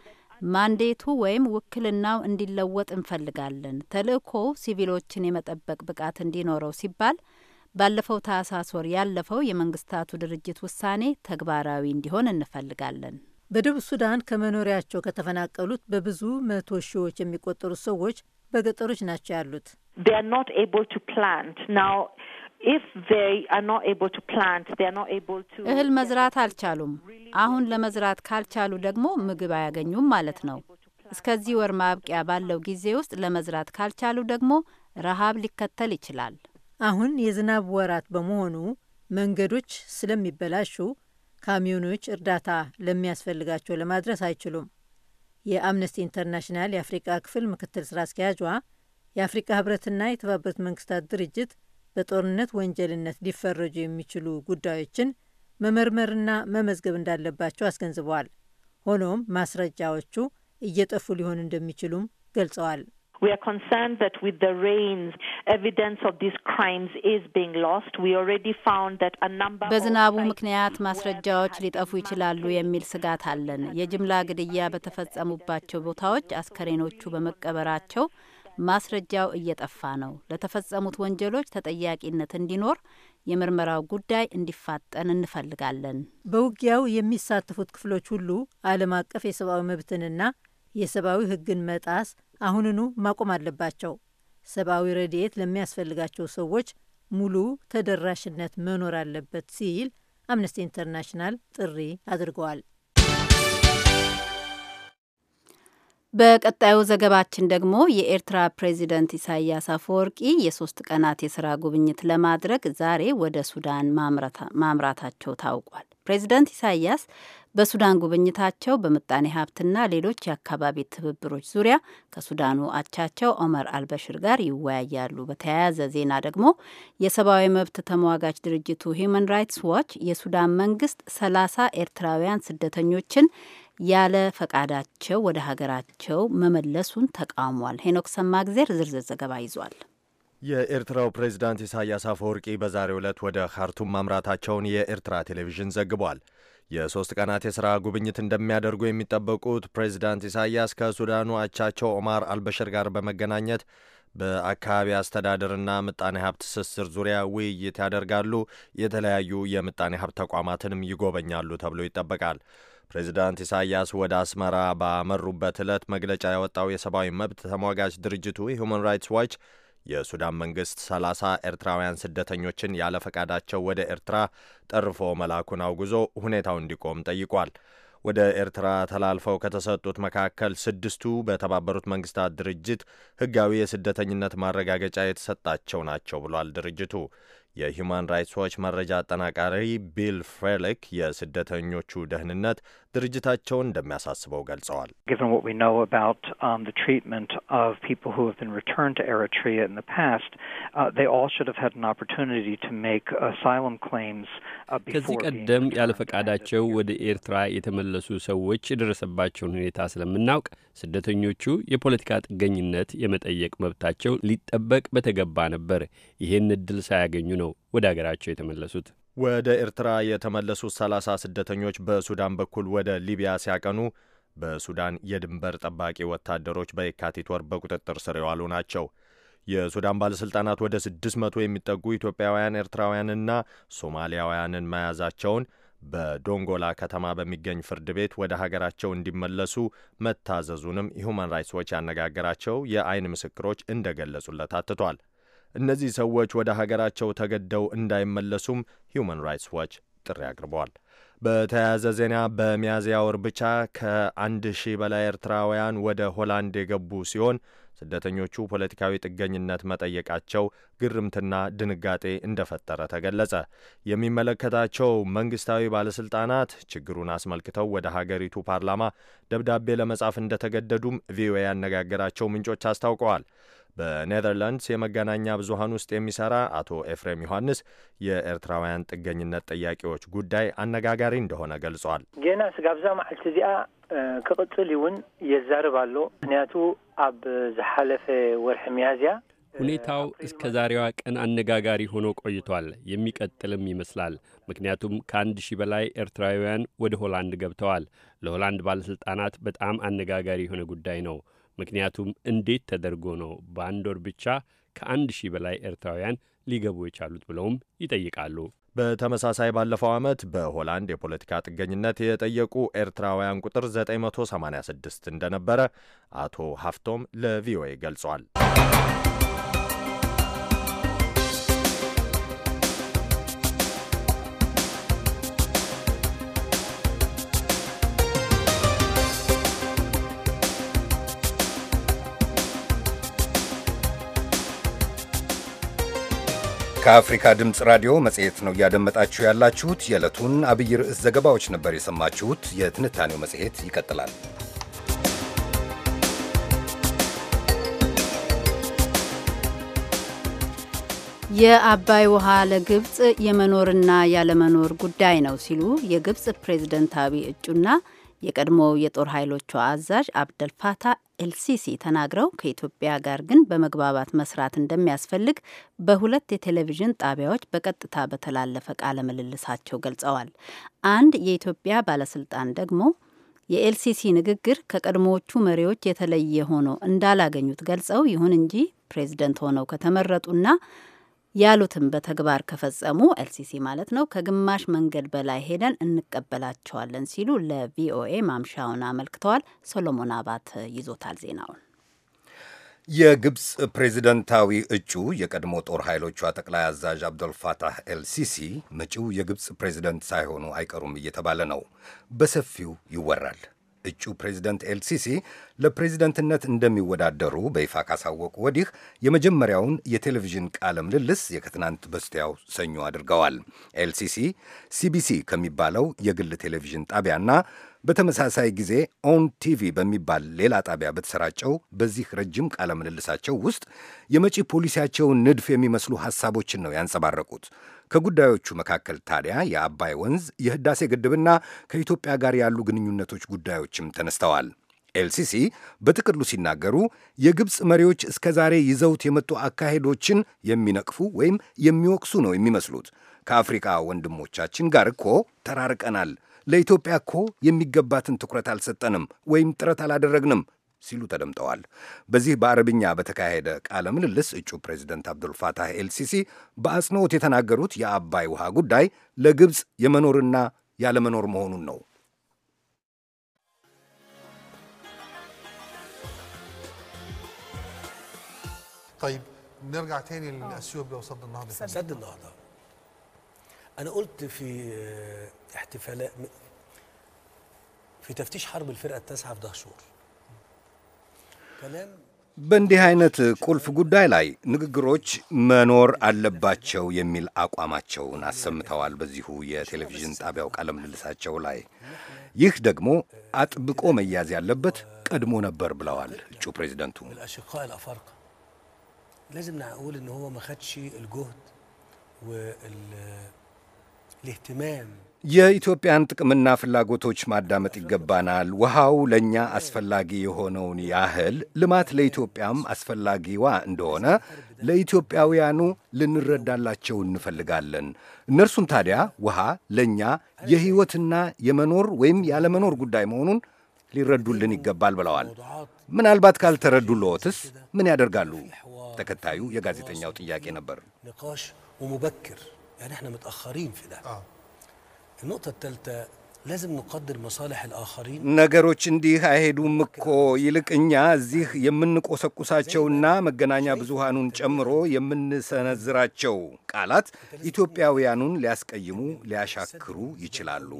ማንዴቱ ወይም ውክልናው እንዲለወጥ እንፈልጋለን። ተልእኮው ሲቪሎችን የመጠበቅ ብቃት እንዲኖረው ሲባል ባለፈው ታህሳስ ወር ያለፈው የመንግስታቱ ድርጅት ውሳኔ ተግባራዊ እንዲሆን እንፈልጋለን። በደቡብ ሱዳን ከመኖሪያቸው ከተፈናቀሉት በብዙ መቶ ሺዎች የሚቆጠሩ ሰዎች በገጠሮች ናቸው ያሉት። እህል መዝራት አልቻሉም። አሁን ለመዝራት ካልቻሉ ደግሞ ምግብ አያገኙም ማለት ነው። እስከዚህ ወር ማብቂያ ባለው ጊዜ ውስጥ ለመዝራት ካልቻሉ ደግሞ ረሃብ ሊከተል ይችላል። አሁን የዝናብ ወራት በመሆኑ መንገዶች ስለሚበላሹ ካሚዮኖች እርዳታ ለሚያስፈልጋቸው ለማድረስ አይችሉም። የአምነስቲ ኢንተርናሽናል የአፍሪቃ ክፍል ምክትል ስራ አስኪያጇ የአፍሪቃ ህብረትና የተባበሩት መንግስታት ድርጅት በጦርነት ወንጀልነት ሊፈረጁ የሚችሉ ጉዳዮችን መመርመርና መመዝገብ እንዳለባቸው አስገንዝበዋል። ሆኖም ማስረጃዎቹ እየጠፉ ሊሆን እንደሚችሉም ገልጸዋል። We are concerned that with the rains, evidence of these crimes is being lost. We already found that a number በዝናቡ ምክንያት ማስረጃዎች ሊጠፉ ይችላሉ የሚል ስጋት አለን። የጅምላ ግድያ በተፈጸሙባቸው ቦታዎች አስከሬኖቹ በመቀበራቸው ማስረጃው እየጠፋ ነው። ለተፈጸሙት ወንጀሎች ተጠያቂነት እንዲኖር የምርመራው ጉዳይ እንዲፋጠን እንፈልጋለን። በውጊያው የሚሳተፉት ክፍሎች ሁሉ ዓለም አቀፍ የሰብአዊ መብትንና የሰብአዊ ሕግን መጣስ አሁንኑ ማቆም አለባቸው። ሰብአዊ ረድኤት ለሚያስፈልጋቸው ሰዎች ሙሉ ተደራሽነት መኖር አለበት ሲል አምነስቲ ኢንተርናሽናል ጥሪ አድርገዋል። በቀጣዩ ዘገባችን ደግሞ የኤርትራ ፕሬዚደንት ኢሳያስ አፈወርቂ የሶስት ቀናት የስራ ጉብኝት ለማድረግ ዛሬ ወደ ሱዳን ማምራታቸው ታውቋል። ፕሬዚደንት ኢሳያስ በሱዳን ጉብኝታቸው በምጣኔ ሀብትና ሌሎች የአካባቢ ትብብሮች ዙሪያ ከሱዳኑ አቻቸው ኦመር አልበሽር ጋር ይወያያሉ። በተያያዘ ዜና ደግሞ የሰብአዊ መብት ተሟጋች ድርጅቱ ሂዩማን ራይትስ ዋች የሱዳን መንግስት ሰላሳ ኤርትራውያን ስደተኞችን ያለ ፈቃዳቸው ወደ ሀገራቸው መመለሱን ተቃውሟል። ሄኖክ ሰማግዜር ዝርዝር ዘገባ ይዟል። የኤርትራው ፕሬዝዳንት ኢሳያስ አፈወርቂ በዛሬ ዕለት ወደ ካርቱም ማምራታቸውን የኤርትራ ቴሌቪዥን ዘግቧል። የሦስት ቀናት የሥራ ጉብኝት እንደሚያደርጉ የሚጠበቁት ፕሬዝዳንት ኢሳያስ ከሱዳኑ አቻቸው ኦማር አልበሽር ጋር በመገናኘት በአካባቢ አስተዳደርና ምጣኔ ሀብት ትስስር ዙሪያ ውይይት ያደርጋሉ። የተለያዩ የምጣኔ ሀብት ተቋማትንም ይጎበኛሉ ተብሎ ይጠበቃል። ፕሬዚዳንት ኢሳያስ ወደ አስመራ ባመሩበት ዕለት መግለጫ ያወጣው የሰብአዊ መብት ተሟጋች ድርጅቱ ሁማን ራይትስ ዋች የሱዳን መንግስት 30 ኤርትራውያን ስደተኞችን ያለ ፈቃዳቸው ወደ ኤርትራ ጠርፎ መላኩን አውግዞ ሁኔታው እንዲቆም ጠይቋል። ወደ ኤርትራ ተላልፈው ከተሰጡት መካከል ስድስቱ በተባበሩት መንግስታት ድርጅት ህጋዊ የስደተኝነት ማረጋገጫ የተሰጣቸው ናቸው ብሏል ድርጅቱ። የሂውማን ራይትስ ዎች መረጃ አጠናቃሪ ቢል ፍሬሊክ የስደተኞቹ ደህንነት ድርጅታቸውን እንደሚያሳስበው ገልጸዋል። um, uh, uh, ከዚህ ቀደም ያለ ፈቃዳቸው ወደ ኤርትራ የተመለሱ ሰዎች የደረሰባቸውን ሁኔታ ስለምናውቅ ስደተኞቹ የፖለቲካ ጥገኝነት የመጠየቅ መብታቸው ሊጠበቅ በተገባ ነበር። ይህን እድል ሳያገኙ ነው ወደ አገራቸው የተመለሱት። ወደ ኤርትራ የተመለሱ 30 ስደተኞች በሱዳን በኩል ወደ ሊቢያ ሲያቀኑ በሱዳን የድንበር ጠባቂ ወታደሮች በየካቲት ወር በቁጥጥር ስር የዋሉ ናቸው። የሱዳን ባለሥልጣናት ወደ 600 የሚጠጉ ኢትዮጵያውያን ኤርትራውያንና ሶማሊያውያንን መያዛቸውን በዶንጎላ ከተማ በሚገኝ ፍርድ ቤት ወደ ሀገራቸው እንዲመለሱ መታዘዙንም ሁማን ራይትስ ዎች ያነጋገራቸው የአይን ምስክሮች እንደገለጹለት አትቷል። እነዚህ ሰዎች ወደ ሀገራቸው ተገደው እንዳይመለሱም ሁማን ራይትስ ዋች ጥሪ አቅርበዋል። በተያያዘ ዜና በሚያዝያ ወር ብቻ ከአንድ ሺህ በላይ ኤርትራውያን ወደ ሆላንድ የገቡ ሲሆን ስደተኞቹ ፖለቲካዊ ጥገኝነት መጠየቃቸው ግርምትና ድንጋጤ እንደፈጠረ ተገለጸ። የሚመለከታቸው መንግስታዊ ባለስልጣናት ችግሩን አስመልክተው ወደ ሀገሪቱ ፓርላማ ደብዳቤ ለመጻፍ እንደተገደዱም ቪኦኤ ያነጋገራቸው ምንጮች አስታውቀዋል። በኔዘርላንድስ የመገናኛ ብዙሀን ውስጥ የሚሰራ አቶ ኤፍሬም ዮሐንስ የኤርትራውያን ጥገኝነት ጥያቄዎች ጉዳይ አነጋጋሪ እንደሆነ ገልጿል። ጌና ስጋብዛ መዓልቲ እዚኣ ክቅፅል እውን የዛርብ ኣሎ ምክንያቱ ኣብ ዝሓለፈ ወርሒ መያዝያ ሁኔታው እስከ ዛሬዋ ቀን አነጋጋሪ ሆኖ ቆይቷል። የሚቀጥልም ይመስላል። ምክንያቱም ከአንድ ሺህ በላይ ኤርትራውያን ወደ ሆላንድ ገብተዋል። ለሆላንድ ባለሥልጣናት በጣም አነጋጋሪ የሆነ ጉዳይ ነው። ምክንያቱም እንዴት ተደርጎ ነው በአንድ ወር ብቻ ከአንድ ሺህ በላይ ኤርትራውያን ሊገቡ የቻሉት ብለውም ይጠይቃሉ። በተመሳሳይ ባለፈው ዓመት በሆላንድ የፖለቲካ ጥገኝነት የጠየቁ ኤርትራውያን ቁጥር 986 እንደነበረ አቶ ሀፍቶም ለቪኦኤ ገልጿል። ከአፍሪካ ድምፅ ራዲዮ መጽሔት ነው እያደመጣችሁ ያላችሁት። የዕለቱን አብይ ርዕስ ዘገባዎች ነበር የሰማችሁት። የትንታኔው መጽሔት ይቀጥላል። የአባይ ውሃ ለግብፅ የመኖርና ያለመኖር ጉዳይ ነው ሲሉ የግብፅ ፕሬዝደንታዊ እጩና የቀድሞ የጦር ኃይሎቿ አዛዥ አብደልፋታ ኤልሲሲ ተናግረው ከኢትዮጵያ ጋር ግን በመግባባት መስራት እንደሚያስፈልግ በሁለት የቴሌቪዥን ጣቢያዎች በቀጥታ በተላለፈ ቃለ ምልልሳቸው ገልጸዋል። አንድ የኢትዮጵያ ባለስልጣን ደግሞ የኤልሲሲ ንግግር ከቀድሞዎቹ መሪዎች የተለየ ሆኖ እንዳላገኙት ገልጸው ይሁን እንጂ ፕሬዝደንት ሆነው ከተመረጡና ያሉትን በተግባር ከፈጸሙ ኤልሲሲ ማለት ነው ከግማሽ መንገድ በላይ ሄደን እንቀበላቸዋለን ሲሉ ለቪኦኤ ማምሻውን አመልክተዋል። ሶሎሞን አባት ይዞታል ዜናውን። የግብፅ ፕሬዚደንታዊ እጩ የቀድሞ ጦር ኃይሎቿ ጠቅላይ አዛዥ አብዶልፋታህ ኤልሲሲ መጪው የግብፅ ፕሬዚደንት ሳይሆኑ አይቀሩም እየተባለ ነው፣ በሰፊው ይወራል። እጩ ፕሬዚደንት ኤልሲሲ ለፕሬዚደንትነት እንደሚወዳደሩ በይፋ ካሳወቁ ወዲህ የመጀመሪያውን የቴሌቪዥን ቃለ ምልልስ የከትናንት በስቲያው ሰኞ አድርገዋል። ኤልሲሲ ሲቢሲ ከሚባለው የግል ቴሌቪዥን ጣቢያና በተመሳሳይ ጊዜ ኦን ቲቪ በሚባል ሌላ ጣቢያ በተሰራጨው በዚህ ረጅም ቃለ ምልልሳቸው ውስጥ የመጪ ፖሊሲያቸውን ንድፍ የሚመስሉ ሐሳቦችን ነው ያንጸባረቁት። ከጉዳዮቹ መካከል ታዲያ የአባይ ወንዝ፣ የህዳሴ ግድብና ከኢትዮጵያ ጋር ያሉ ግንኙነቶች ጉዳዮችም ተነስተዋል። ኤልሲሲ በጥቅሉ ሲናገሩ የግብፅ መሪዎች እስከ ዛሬ ይዘውት የመጡ አካሄዶችን የሚነቅፉ ወይም የሚወቅሱ ነው የሚመስሉት። ከአፍሪካ ወንድሞቻችን ጋር እኮ ተራርቀናል። ለኢትዮጵያ እኮ የሚገባትን ትኩረት አልሰጠንም ወይም ጥረት አላደረግንም ሲሉ ተደምጠዋል። በዚህ በአረብኛ በተካሄደ ቃለ ምልልስ እጩ ፕሬዚደንት አብዱልፋታህ ኤልሲሲ በአጽንኦት የተናገሩት የአባይ ውሃ ጉዳይ ለግብፅ የመኖርና ያለመኖር መሆኑን ነው። طيب نرجع تاني للاثيوب لو صد النهضه سد النهضه انا قلت في احتفالات في تفتيش حرب الفرقه التاسعه في دهشور በእንዲህ አይነት ቁልፍ ጉዳይ ላይ ንግግሮች መኖር አለባቸው የሚል አቋማቸውን አሰምተዋል በዚሁ የቴሌቪዥን ጣቢያው ቃለ ምልልሳቸው ላይ። ይህ ደግሞ አጥብቆ መያዝ ያለበት ቀድሞ ነበር ብለዋል እጩ ፕሬዚደንቱ። የኢትዮጵያን ጥቅምና ፍላጎቶች ማዳመጥ ይገባናል። ውሃው ለእኛ አስፈላጊ የሆነውን ያህል ልማት ለኢትዮጵያም አስፈላጊዋ እንደሆነ ለኢትዮጵያውያኑ ልንረዳላቸው እንፈልጋለን። እነርሱም ታዲያ ውሃ ለእኛ የሕይወትና የመኖር ወይም ያለመኖር ጉዳይ መሆኑን ሊረዱልን ይገባል ብለዋል። ምናልባት ካልተረዱ ለወትስ ምን ያደርጋሉ? ተከታዩ የጋዜጠኛው ጥያቄ ነበር። ነገሮች እንዲህ አይሄዱም እኮ ይልቅ እኛ እዚህ የምንቆሰቁሳቸውና መገናኛ ብዙሃኑን ጨምሮ የምንሰነዝራቸው ቃላት ኢትዮጵያውያኑን ሊያስቀይሙ ሊያሻክሩ ይችላሉ።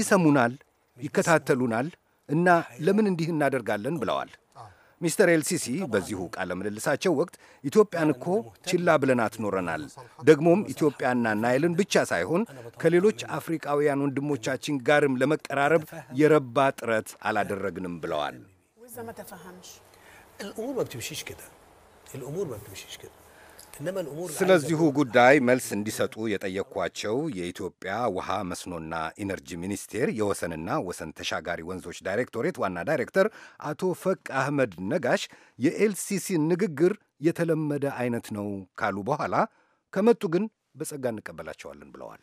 ይሰሙናል፣ ይከታተሉናል እና ለምን እንዲህ እናደርጋለን ብለዋል። ሚስተር ኤልሲሲ በዚሁ ቃለ ምልልሳቸው ወቅት ኢትዮጵያን እኮ ችላ ብለናት ኖረናል። ደግሞም ኢትዮጵያና ናይልን ብቻ ሳይሆን ከሌሎች አፍሪቃውያን ወንድሞቻችን ጋርም ለመቀራረብ የረባ ጥረት አላደረግንም ብለዋል። ስለዚሁ ጉዳይ መልስ እንዲሰጡ የጠየቅኳቸው የኢትዮጵያ ውሃ መስኖና ኢነርጂ ሚኒስቴር የወሰንና ወሰን ተሻጋሪ ወንዞች ዳይሬክቶሬት ዋና ዳይሬክተር አቶ ፈቅ አህመድ ነጋሽ የኤልሲሲ ንግግር የተለመደ አይነት ነው ካሉ በኋላ ከመጡ ግን በጸጋ እንቀበላቸዋለን ብለዋል።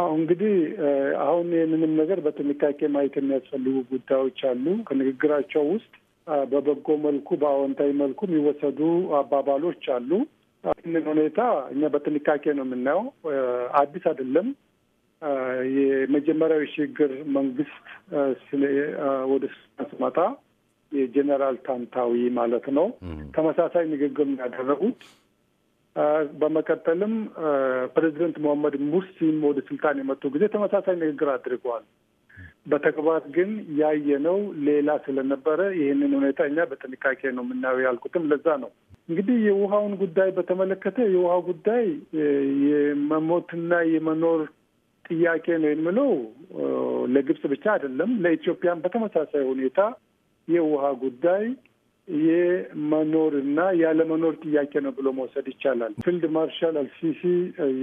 አዎ እንግዲህ አሁን ይህንንም ነገር በጥንቃቄ ማየት የሚያስፈልጉ ጉዳዮች አሉ። ከንግግራቸው ውስጥ በበጎ መልኩ በአዎንታዊ መልኩ የሚወሰዱ አባባሎች አሉ። ይህንን ሁኔታ እኛ በጥንቃቄ ነው የምናየው። አዲስ አይደለም። የመጀመሪያው የሽግግር መንግስት ወደ ስልጣን ሲመጣ የጀኔራል ታንታዊ ማለት ነው ተመሳሳይ ንግግር ያደረጉት። በመቀጠልም ፕሬዚደንት መሐመድ ሙርሲም ወደ ስልጣን የመጡ ጊዜ ተመሳሳይ ንግግር አድርገዋል። በተግባር ግን ያየነው ሌላ ስለነበረ ይህንን ሁኔታ እኛ በጥንቃቄ ነው የምናየው ያልኩትም ለዛ ነው። እንግዲህ የውሃውን ጉዳይ በተመለከተ የውሃ ጉዳይ የመሞትና የመኖር ጥያቄ ነው የምለው ለግብጽ ብቻ አይደለም፣ ለኢትዮጵያን በተመሳሳይ ሁኔታ የውሃ ጉዳይ የመኖር እና ያለመኖር ጥያቄ ነው ብሎ መውሰድ ይቻላል። ፊልድ ማርሻል አልሲሲ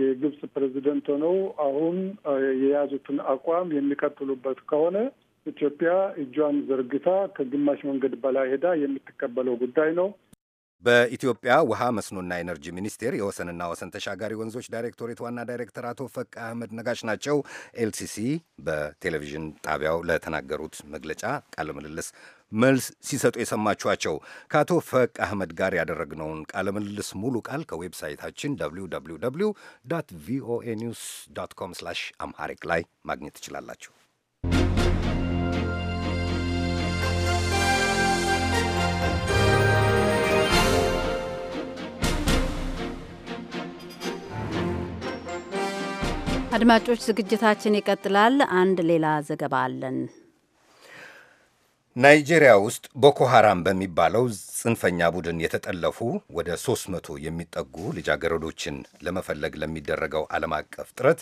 የግብጽ ፕሬዚደንት ሆነው አሁን የያዙትን አቋም የሚቀጥሉበት ከሆነ ኢትዮጵያ እጇን ዘርግታ ከግማሽ መንገድ በላይ ሄዳ የምትቀበለው ጉዳይ ነው። በኢትዮጵያ ውሃ መስኖና ኤነርጂ ሚኒስቴር የወሰንና ወሰን ተሻጋሪ ወንዞች ዳይሬክቶሬት ዋና ዳይሬክተር አቶ ፈቃ አህመድ ነጋሽ ናቸው። ኤልሲሲ በቴሌቪዥን ጣቢያው ለተናገሩት መግለጫ ቃለ ምልልስ መልስ ሲሰጡ የሰማችኋቸው። ከአቶ ፈቅ አህመድ ጋር ያደረግነውን ቃለ ምልልስ ሙሉ ቃል ከዌብሳይታችን www ቪኦኤ ኒውስ ዶት ኮም ስላሽ አምሃሪክ ላይ ማግኘት ትችላላችሁ። አድማጮች ዝግጅታችን ይቀጥላል። አንድ ሌላ ዘገባ አለን። ናይጄሪያ ውስጥ ቦኮ በሚባለው ጽንፈኛ ቡድን የተጠለፉ ወደ 300 የሚጠጉ ልጃገረዶችን ለመፈለግ ለሚደረገው ዓለም አቀፍ ጥረት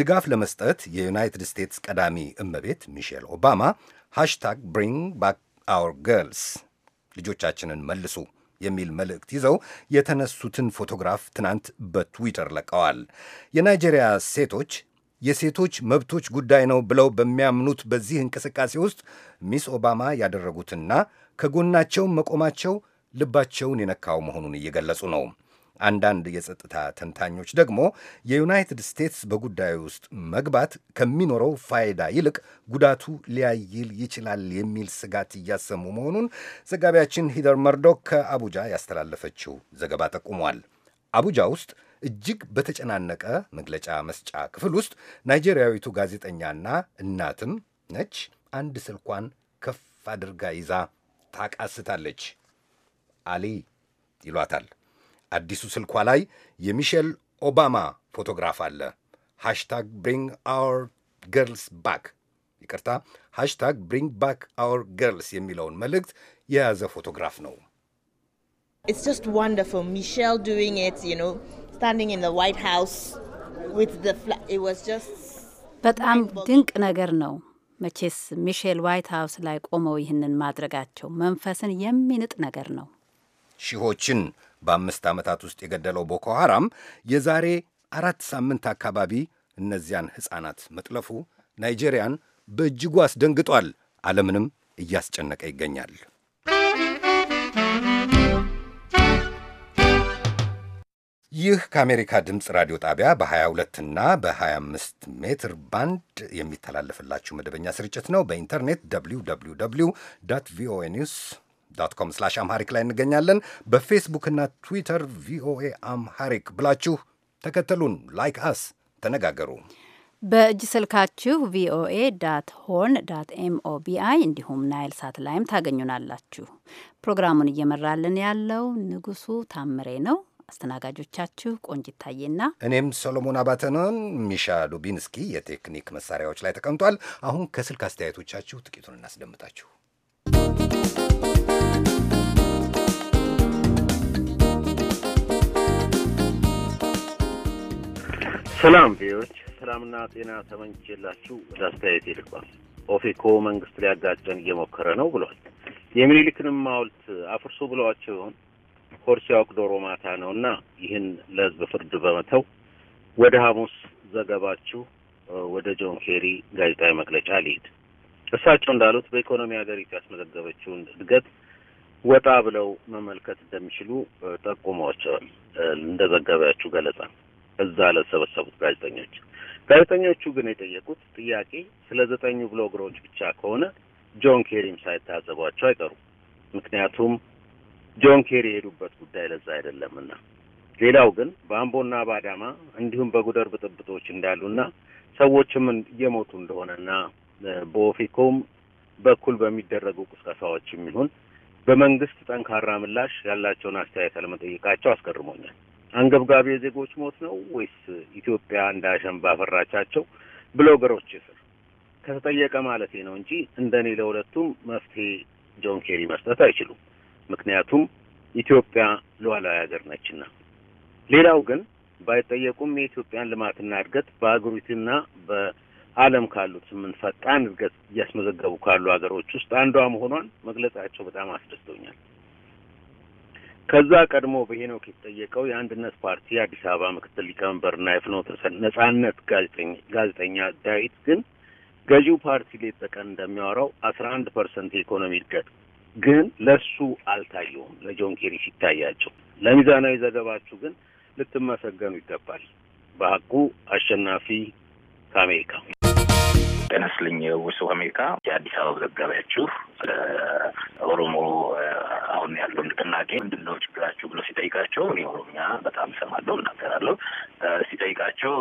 ድጋፍ ለመስጠት የዩናይትድ ስቴትስ ቀዳሚ እመቤት ሚሼል ኦባማ ሃሽታግ ብሪንግ ባክ አወር ገርልስ ልጆቻችንን መልሱ የሚል መልእክት ይዘው የተነሱትን ፎቶግራፍ ትናንት በትዊተር ለቀዋል። የናይጄሪያ ሴቶች የሴቶች መብቶች ጉዳይ ነው ብለው በሚያምኑት በዚህ እንቅስቃሴ ውስጥ ሚስ ኦባማ ያደረጉትና ከጎናቸው መቆማቸው ልባቸውን የነካው መሆኑን እየገለጹ ነው። አንዳንድ የጸጥታ ተንታኞች ደግሞ የዩናይትድ ስቴትስ በጉዳዩ ውስጥ መግባት ከሚኖረው ፋይዳ ይልቅ ጉዳቱ ሊያይል ይችላል የሚል ስጋት እያሰሙ መሆኑን ዘጋቢያችን ሂደር መርዶክ ከአቡጃ ያስተላለፈችው ዘገባ ጠቁሟል። አቡጃ ውስጥ እጅግ በተጨናነቀ መግለጫ መስጫ ክፍል ውስጥ ናይጄሪያዊቱ ጋዜጠኛና እናትም ነች አንድ ስልኳን ከፍ አድርጋ ይዛ ታቃስታለች። አሊ ይሏታል አዲሱ ስልኳ ላይ የሚሼል ኦባማ ፎቶግራፍ አለ። ሃሽታግ ብሪንግ አወር ገርልስ ባክ ይቅርታ፣ ሃሽታግ ብሪንግ ባክ አወር ገርልስ የሚለውን መልእክት የያዘ ፎቶግራፍ ነው። በጣም ድንቅ ነገር ነው። መቼስ ሚሼል ዋይት ሀውስ ላይ ቆመው ይህንን ማድረጋቸው መንፈስን የሚንጥ ነገር ነው። ሺሆችን በአምስት ዓመታት ውስጥ የገደለው ቦኮ ሐራም የዛሬ አራት ሳምንት አካባቢ እነዚያን ሕፃናት መጥለፉ ናይጄሪያን በእጅጉ አስደንግጧል፣ ዓለምንም እያስጨነቀ ይገኛል። ይህ ከአሜሪካ ድምፅ ራዲዮ ጣቢያ በ22 እና በ25 ሜትር ባንድ የሚተላለፍላችሁ መደበኛ ስርጭት ነው። በኢንተርኔት ደብሊው ደብሊው ደብሊው ዶት ቪኦኤ ኒውስ ዶት ኮም ስላሽ አምሃሪክ ላይ እንገኛለን። በፌስቡክና ትዊተር ቪኦኤ አምሃሪክ ብላችሁ ተከተሉን። ላይክ አስ ተነጋገሩ። በእጅ ስልካችሁ ቪኦኤ ዳት ሆን ዳት ኤምኦቢአይ እንዲሁም ናይል ሳት ላይም ታገኙናላችሁ። ፕሮግራሙን እየመራልን ያለው ንጉሱ ታምሬ ነው። አስተናጋጆቻችሁ ቆንጂት ታዬና እኔም ሰሎሞን አባተነን። ሚሻ ሉቢንስኪ የቴክኒክ መሳሪያዎች ላይ ተቀምጧል። አሁን ከስልክ አስተያየቶቻችሁ ጥቂቱን እናስደምጣችሁ። ሰላም ቪዎች ሰላምና ጤና ተመኝቼላችሁ ወደ አስተያየት ይልቋል። ኦፌኮ መንግስት ሊያጋጨን እየሞከረ ነው ብሏል። የሚኒሊክንም ሐውልት አፍርሶ ብለዋቸው ይሆን? ሆድ ሲያውቅ ዶሮ ማታ ነው እና ይህን ለህዝብ ፍርድ በመተው ወደ ሐሙስ ዘገባችሁ ወደ ጆን ኬሪ ጋዜጣዊ መግለጫ ሊሄድ እሳቸው እንዳሉት በኢኮኖሚ ሀገሪቱ ያስመዘገበችውን እድገት ወጣ ብለው መመልከት እንደሚችሉ ጠቁመዋቸዋል። እንደ ዘገባያችሁ ገለጻ እዛ ለተሰበሰቡት ጋዜጠኞች። ጋዜጠኞቹ ግን የጠየቁት ጥያቄ ስለ ዘጠኙ ብሎገሮች ብቻ ከሆነ ጆን ኬሪም ሳይታዘቧቸው አይቀሩም። ምክንያቱም ጆን ኬሪ የሄዱበት ጉዳይ ለዛ አይደለምና። ሌላው ግን በአምቦና በአዳማ እንዲሁም በጉደር ብጥብጦች እንዳሉና ሰዎችም እየሞቱ እንደሆነና በኦፌኮም በኩል በሚደረጉ ቅስቀሳዎች ይሁን በመንግስት ጠንካራ ምላሽ ያላቸውን አስተያየት አለመጠየቃቸው አስገርሞኛል። አንገብጋቢ የዜጎች ሞት ነው ወይስ ኢትዮጵያ እንደ አሸንባ ፈራቻቸው ብሎገሮች ስር ከተጠየቀ ማለቴ ነው እንጂ እንደኔ ለሁለቱም መፍትሄ ጆን ኬሪ መስጠት አይችሉም። ምክንያቱም ኢትዮጵያ ሉዓላዊ ሀገር ነችና። ሌላው ግን ባይጠየቁም የኢትዮጵያን ልማትና እድገት በአገሪቱና በዓለም ካሉት ስምንት ፈጣን እድገት እያስመዘገቡ ካሉ ሀገሮች ውስጥ አንዷ መሆኗን መግለጻቸው በጣም አስደስቶኛል። ከዛ ቀድሞ በሄኖክ የተጠየቀው የአንድነት ፓርቲ አዲስ አበባ ምክትል ሊቀመንበርና የፍኖተ ነጻነት ጋዜጠኛ ዳዊት ግን ገዢው ፓርቲ ሌት ተቀን እንደሚያወራው አስራ አንድ ፐርሰንት የኢኮኖሚ እድገት ግን ለሱ አልታየውም። ለጆን ኬሪ ሲታያቸው ለሚዛናዊ ዘገባችሁ ግን ልትመሰገኑ ይገባል። በሀቁ አሸናፊ ከአሜሪካ ጤና ይስጥልኝ። ውስው አሜሪካ የአዲስ አበባ ዘጋቢያችሁ ኦሮሞ አሁን ያለውን ንቅናቄ ምንድን ነው ችግራችሁ ብሎ ሲጠይቃቸው እኔ ኦሮምኛ በጣም እሰማለሁ እናገራለሁ። ሲጠይቃቸው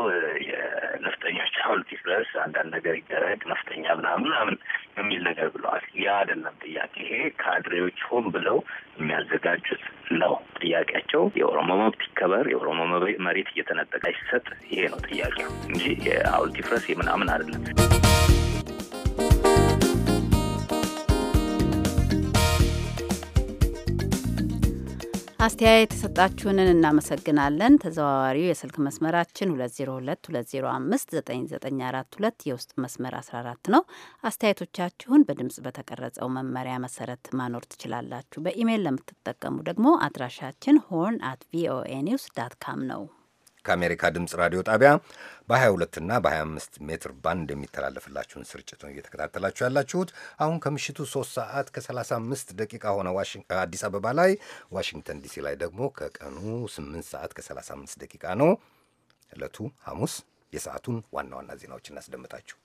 የነፍጠኞች ሐውልት ይፍረስ፣ አንዳንድ ነገር ይደረግ፣ ነፍጠኛ ምናምን ምናምን የሚል ነገር ብለዋል። ያ አይደለም ጥያቄ። ይሄ ካድሬዎች ሆን ብለው የሚያዘጋጁት ነው። ጥያቄያቸው የኦሮሞ መብት ይከበር፣ የኦሮሞ መሬት እየተነጠቀ ይሰጥ። ይሄ ነው ጥያቄው እንጂ የሐውልት ይፍረስ የምናምን አይደለም። አስተያየት የሰጣችሁንን እናመሰግናለን። ተዘዋዋሪው የስልክ መስመራችን 2022059942 የውስጥ መስመር 14 ነው። አስተያየቶቻችሁን በድምጽ በተቀረጸው መመሪያ መሰረት ማኖር ትችላላችሁ። በኢሜይል ለምትጠቀሙ ደግሞ አድራሻችን ሆርን አት ቪኦኤ ኒውስ ዳት ካም ነው። ከአሜሪካ ድምፅ ራዲዮ ጣቢያ በ22 እና በ25 ሜትር ባንድ የሚተላለፍላችሁን ስርጭት ነው እየተከታተላችሁ ያላችሁት። አሁን ከምሽቱ 3 ሰዓት ከ35 ደቂቃ ሆነ አዲስ አበባ ላይ። ዋሽንግተን ዲሲ ላይ ደግሞ ከቀኑ 8 ሰዓት ከ35 ደቂቃ ነው። ዕለቱ ሐሙስ። የሰዓቱን ዋና ዋና ዜናዎች እናስደምጣችሁ።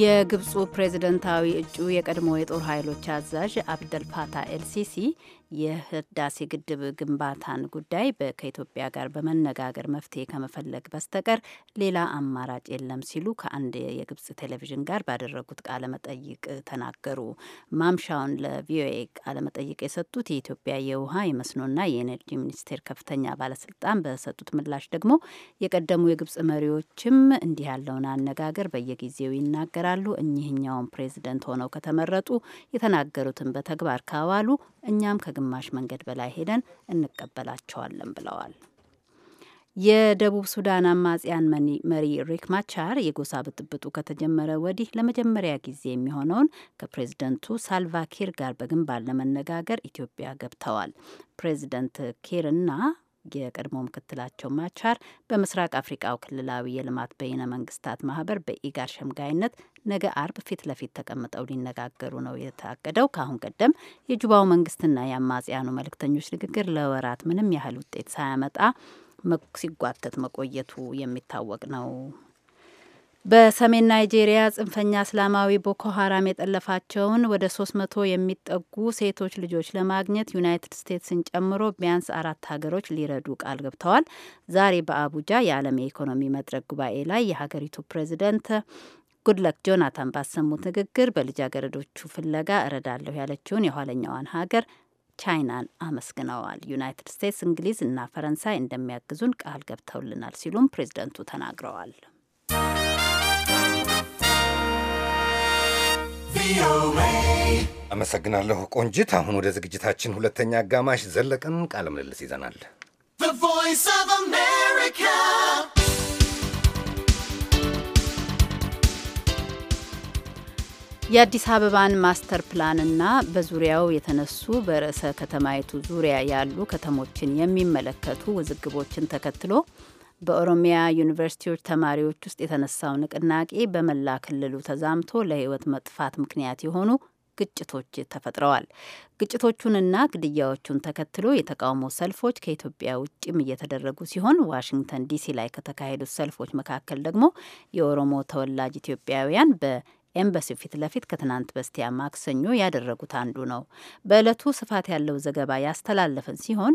የግብፁ ፕሬዝደንታዊ እጩ የቀድሞ የጦር ኃይሎች አዛዥ አብደል ፋታ ኤልሲሲ የህዳሴ ግድብ ግንባታን ጉዳይ ከኢትዮጵያ ጋር በመነጋገር መፍትሄ ከመፈለግ በስተቀር ሌላ አማራጭ የለም ሲሉ ከአንድ የግብጽ ቴሌቪዥን ጋር ባደረጉት ቃለ መጠይቅ ተናገሩ። ማምሻውን ለቪኦኤ ቃለ መጠይቅ የሰጡት የኢትዮጵያ የውሃ የመስኖና የኤነርጂ ሚኒስቴር ከፍተኛ ባለስልጣን በሰጡት ምላሽ ደግሞ የቀደሙ የግብጽ መሪዎችም እንዲህ ያለውን አነጋገር በየጊዜው ይናገራል ይናገራሉ። እኚህኛውን ፕሬዚደንት ሆነው ከተመረጡ የተናገሩትን በተግባር ካዋሉ እኛም ከግማሽ መንገድ በላይ ሄደን እንቀበላቸዋለን ብለዋል። የደቡብ ሱዳን አማጽያን መሪ ሪክ ማቻር የጎሳ ብጥብጡ ከተጀመረ ወዲህ ለመጀመሪያ ጊዜ የሚሆነውን ከፕሬዝደንቱ ሳልቫኪር ጋር በግንባር ለመነጋገር ኢትዮጵያ ገብተዋል። ፕሬዝደንት ኪርና የቀድሞ ምክትላቸው ማቻር በምስራቅ አፍሪቃው ክልላዊ የልማት በይነ መንግስታት ማህበር በኢጋድ ሸምጋይነት ነገ አርብ ፊት ለፊት ተቀምጠው ሊነጋገሩ ነው የታቀደው። ከአሁን ቀደም የጁባው መንግስትና የአማጽያኑ መልእክተኞች ንግግር ለወራት ምንም ያህል ውጤት ሳያመጣ ሲጓተት መቆየቱ የሚታወቅ ነው። በሰሜን ናይጄሪያ ጽንፈኛ እስላማዊ ቦኮ ሀራም የጠለፋቸውን ወደ ሶስት መቶ የሚጠጉ ሴቶች ልጆች ለማግኘት ዩናይትድ ስቴትስን ጨምሮ ቢያንስ አራት ሀገሮች ሊረዱ ቃል ገብተዋል። ዛሬ በአቡጃ የዓለም የኢኮኖሚ መድረክ ጉባኤ ላይ የሀገሪቱ ፕሬዚደንት ጉድለክ ጆናታን ባሰሙት ንግግር በልጃገረዶቹ ፍለጋ እረዳለሁ ያለችውን የኋለኛዋን ሀገር ቻይናን አመስግነዋል። ዩናይትድ ስቴትስ፣ እንግሊዝ እና ፈረንሳይ እንደሚያግዙን ቃል ገብተውልናል ሲሉም ፕሬዚደንቱ ተናግረዋል። አመሰግናለሁ ቆንጅት አሁን ወደ ዝግጅታችን ሁለተኛ አጋማሽ ዘለቅን ቃለ ምልልስ ይዘናል። የአዲስ አበባን ማስተር ፕላንና በዙሪያው የተነሱ በርዕሰ ከተማይቱ ዙሪያ ያሉ ከተሞችን የሚመለከቱ ውዝግቦችን ተከትሎ በኦሮሚያ ዩኒቨርሲቲዎች ተማሪዎች ውስጥ የተነሳው ንቅናቄ በመላ ክልሉ ተዛምቶ ለሕይወት መጥፋት ምክንያት የሆኑ ግጭቶች ተፈጥረዋል። ግጭቶቹንና ግድያዎቹን ተከትሎ የተቃውሞ ሰልፎች ከኢትዮጵያ ውጭም እየተደረጉ ሲሆን ዋሽንግተን ዲሲ ላይ ከተካሄዱት ሰልፎች መካከል ደግሞ የኦሮሞ ተወላጅ ኢትዮጵያውያን በ ኤምባሲው ፊት ለፊት ከትናንት በስቲያ ማክሰኞ ያደረጉት አንዱ ነው። በዕለቱ ስፋት ያለው ዘገባ ያስተላለፍን ሲሆን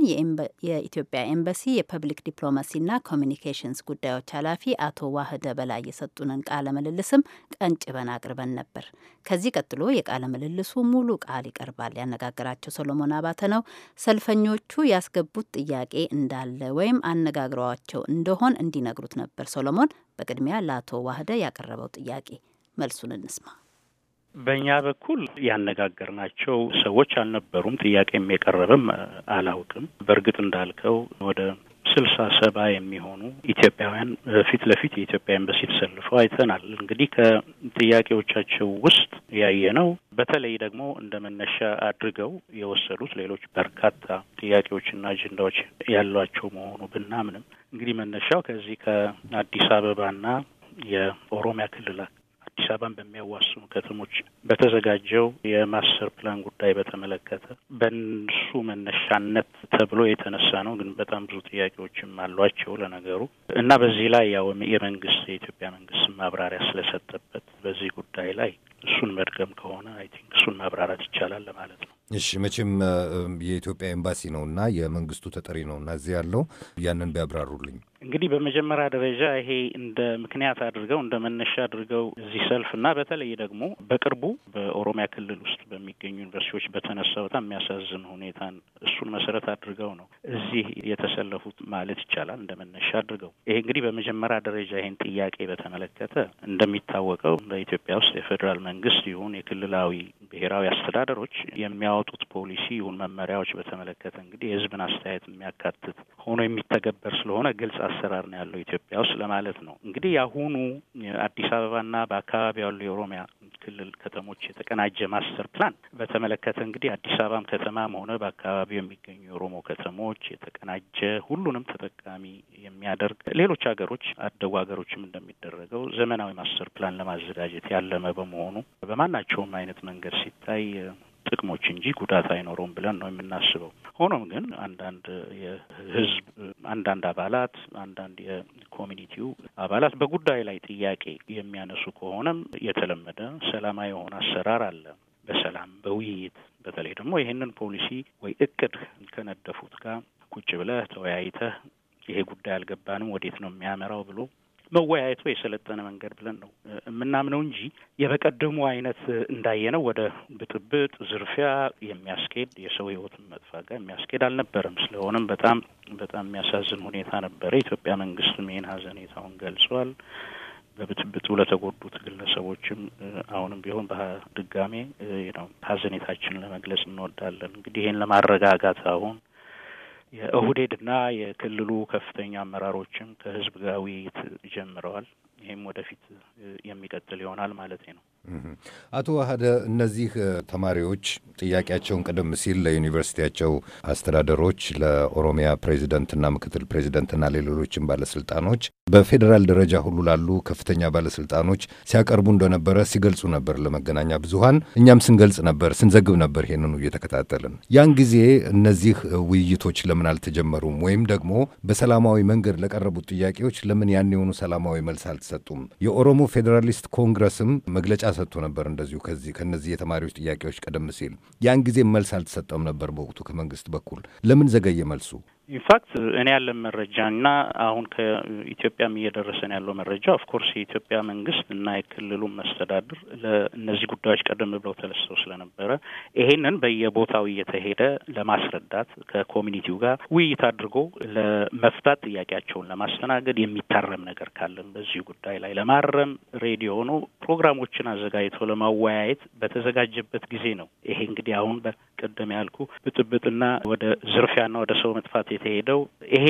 የኢትዮጵያ ኤምባሲ የፐብሊክ ዲፕሎማሲና ኮሚኒኬሽንስ ጉዳዮች ኃላፊ አቶ ዋህደ በላይ የሰጡንን ቃለ ምልልስም ቀንጭበን አቅርበን ነበር። ከዚህ ቀጥሎ የቃለ ምልልሱ ሙሉ ቃል ይቀርባል። ያነጋገራቸው ሰሎሞን አባተ ነው። ሰልፈኞቹ ያስገቡት ጥያቄ እንዳለ ወይም አነጋግረዋቸው እንደሆን እንዲነግሩት ነበር ሰሎሞን በቅድሚያ ለአቶ ዋህደ ያቀረበው ጥያቄ መልሱን እንስማ። በእኛ በኩል ያነጋገርናቸው ሰዎች አልነበሩም። ጥያቄም የቀረበም አላውቅም። በእርግጥ እንዳልከው ወደ ስልሳ ሰባ የሚሆኑ ኢትዮጵያውያን ፊት ለፊት የኢትዮጵያ ኤምባሲ ተሰልፈው አይተናል። እንግዲህ ከጥያቄዎቻቸው ውስጥ ያየ ነው። በተለይ ደግሞ እንደ መነሻ አድርገው የወሰዱት ሌሎች በርካታ ጥያቄዎችና አጀንዳዎች ያሏቸው መሆኑ ብናምንም እንግዲህ መነሻው ከዚህ ከአዲስ አበባና የኦሮሚያ ክልል አዲስ አበባን በሚያዋስኑ ከተሞች በተዘጋጀው የማስተር ፕላን ጉዳይ በተመለከተ በእነሱ መነሻነት ተብሎ የተነሳ ነው። ግን በጣም ብዙ ጥያቄዎችም አሏቸው ለነገሩ እና በዚህ ላይ ያው የመንግስት የኢትዮጵያ መንግስት ማብራሪያ ስለሰጠበት በዚህ ጉዳይ ላይ እሱን መድገም ከሆነ አይ ቲንክ እሱን ማብራራት ይቻላል ለማለት ነው። እሺ መቼም የኢትዮጵያ ኤምባሲ ነውና የመንግስቱ ተጠሪ ነውና እዚህ ያለው ያንን ቢያብራሩልኝ እንግዲህ በመጀመሪያ ደረጃ ይሄ እንደ ምክንያት አድርገው እንደ መነሻ አድርገው እዚህ ሰልፍ እና በተለይ ደግሞ በቅርቡ በኦሮሚያ ክልል ውስጥ በሚገኙ ዩኒቨርሲቲዎች በተነሳ በጣም የሚያሳዝን ሁኔታን እሱን መሰረት አድርገው ነው እዚህ የተሰለፉት ማለት ይቻላል እንደ መነሻ አድርገው። ይሄ እንግዲህ በመጀመሪያ ደረጃ ይሄን ጥያቄ በተመለከተ እንደሚታወቀው በኢትዮጵያ ውስጥ የፌዴራል መንግስት ይሁን የክልላዊ ብሔራዊ አስተዳደሮች የሚያወጡት ፖሊሲ ይሁን መመሪያዎች በተመለከተ እንግዲህ የህዝብን አስተያየት የሚያካትት ሆኖ የሚተገበር ስለሆነ ግልጽ አሰራር ነው ያለው ኢትዮጵያ ውስጥ ለማለት ነው። እንግዲህ የአሁኑ አዲስ አበባና በአካባቢ ያሉ የኦሮሚያ ክልል ከተሞች የተቀናጀ ማስተር ፕላን በተመለከተ እንግዲህ አዲስ አበባም ከተማም ሆነ በአካባቢው የሚገኙ የኦሮሞ ከተሞች የተቀናጀ ሁሉንም ተጠቃሚ የሚያደርግ ሌሎች ሀገሮች አደጉ ሀገሮችም እንደሚደረገው ዘመናዊ ማስተር ፕላን ለማዘጋጀት ያለመ በመሆኑ በማናቸውም አይነት መንገድ ሲታይ ጥቅሞች እንጂ ጉዳት አይኖረውም ብለን ነው የምናስበው። ሆኖም ግን አንዳንድ የህዝብ አንዳንድ አባላት አንዳንድ የኮሚኒቲው አባላት በጉዳዩ ላይ ጥያቄ የሚያነሱ ከሆነም የተለመደ ሰላማዊ የሆነ አሰራር አለ። በሰላም በውይይት በተለይ ደግሞ ይህንን ፖሊሲ ወይ እቅድ ከነደፉት ጋር ቁጭ ብለህ ተወያይተህ ይሄ ጉዳይ አልገባንም፣ ወዴት ነው የሚያመራው ብሎ መወያየቱ የሰለጠነ መንገድ ብለን ነው የምናምነው እንጂ የበቀደሙ አይነት እንዳየነው ወደ ብጥብጥ፣ ዝርፊያ የሚያስኬድ የሰው ህይወትን መጥፋ ጋር የሚያስኬድ አልነበረም። ስለሆነም በጣም በጣም የሚያሳዝን ሁኔታ ነበረ። የኢትዮጵያ መንግስትም ይህን ሀዘኔታውን ገልጿል። በብጥብጡ ለተጎዱት ግለሰቦችም አሁንም ቢሆን በድጋሜ ነው ለመግለጽ እንወዳለን። እንግዲህ ይህን ለማረጋጋት አሁን የኦህዴድና የክልሉ ከፍተኛ አመራሮችም ከህዝብ ጋር ውይይት ጀምረዋል። ይህም ወደፊት የሚቀጥል ይሆናል ማለት ነው። አቶ ዋህደ እነዚህ ተማሪዎች ጥያቄያቸውን ቀደም ሲል ለዩኒቨርሲቲያቸው አስተዳደሮች፣ ለኦሮሚያ ፕሬዚደንትና ምክትል ፕሬዚደንትና ለሌሎችም ባለስልጣኖች በፌዴራል ደረጃ ሁሉ ላሉ ከፍተኛ ባለስልጣኖች ሲያቀርቡ እንደነበረ ሲገልጹ ነበር ለመገናኛ ብዙሃን። እኛም ስንገልጽ ነበር፣ ስንዘግብ ነበር ይሄንኑ እየተከታተልን። ያን ጊዜ እነዚህ ውይይቶች ለምን አልተጀመሩም? ወይም ደግሞ በሰላማዊ መንገድ ለቀረቡት ጥያቄዎች ለምን ያን የሆኑ ሰላማዊ መልስ አልተሰጡም? የኦሮሞ ፌዴራሊስት ኮንግረስም መግለጫ ሰጥቶ ነበር እንደዚሁ ከዚህ ከነዚህ የተማሪዎች ጥያቄዎች ቀደም ሲል ያን ጊዜ መልስ አልተሰጠም ነበር በወቅቱ ከመንግስት በኩል ለምን ዘገየ መልሱ? ኢንፋክት እኔ ያለን መረጃ እና አሁን ከኢትዮጵያም እየደረሰን ያለው መረጃ ኦፍኮርስ የኢትዮጵያ መንግስት እና የክልሉን መስተዳድር ለእነዚህ ጉዳዮች ቀደም ብለው ተነስተው ስለነበረ ይሄንን በየቦታው እየተሄደ ለማስረዳት ከኮሚኒቲው ጋር ውይይት አድርጎ ለመፍታት ጥያቄያቸውን ለማስተናገድ የሚታረም ነገር ካለን በዚህ ጉዳይ ላይ ለማረም ሬዲ ሆኖ ፕሮግራሞችን አዘጋጅተው ለማወያየት በተዘጋጀበት ጊዜ ነው። ይሄ እንግዲህ አሁን በቅድም ያልኩ ብጥብጥና ወደ ዝርፊያና ወደ ሰው መጥፋት የተሄደው ይሄ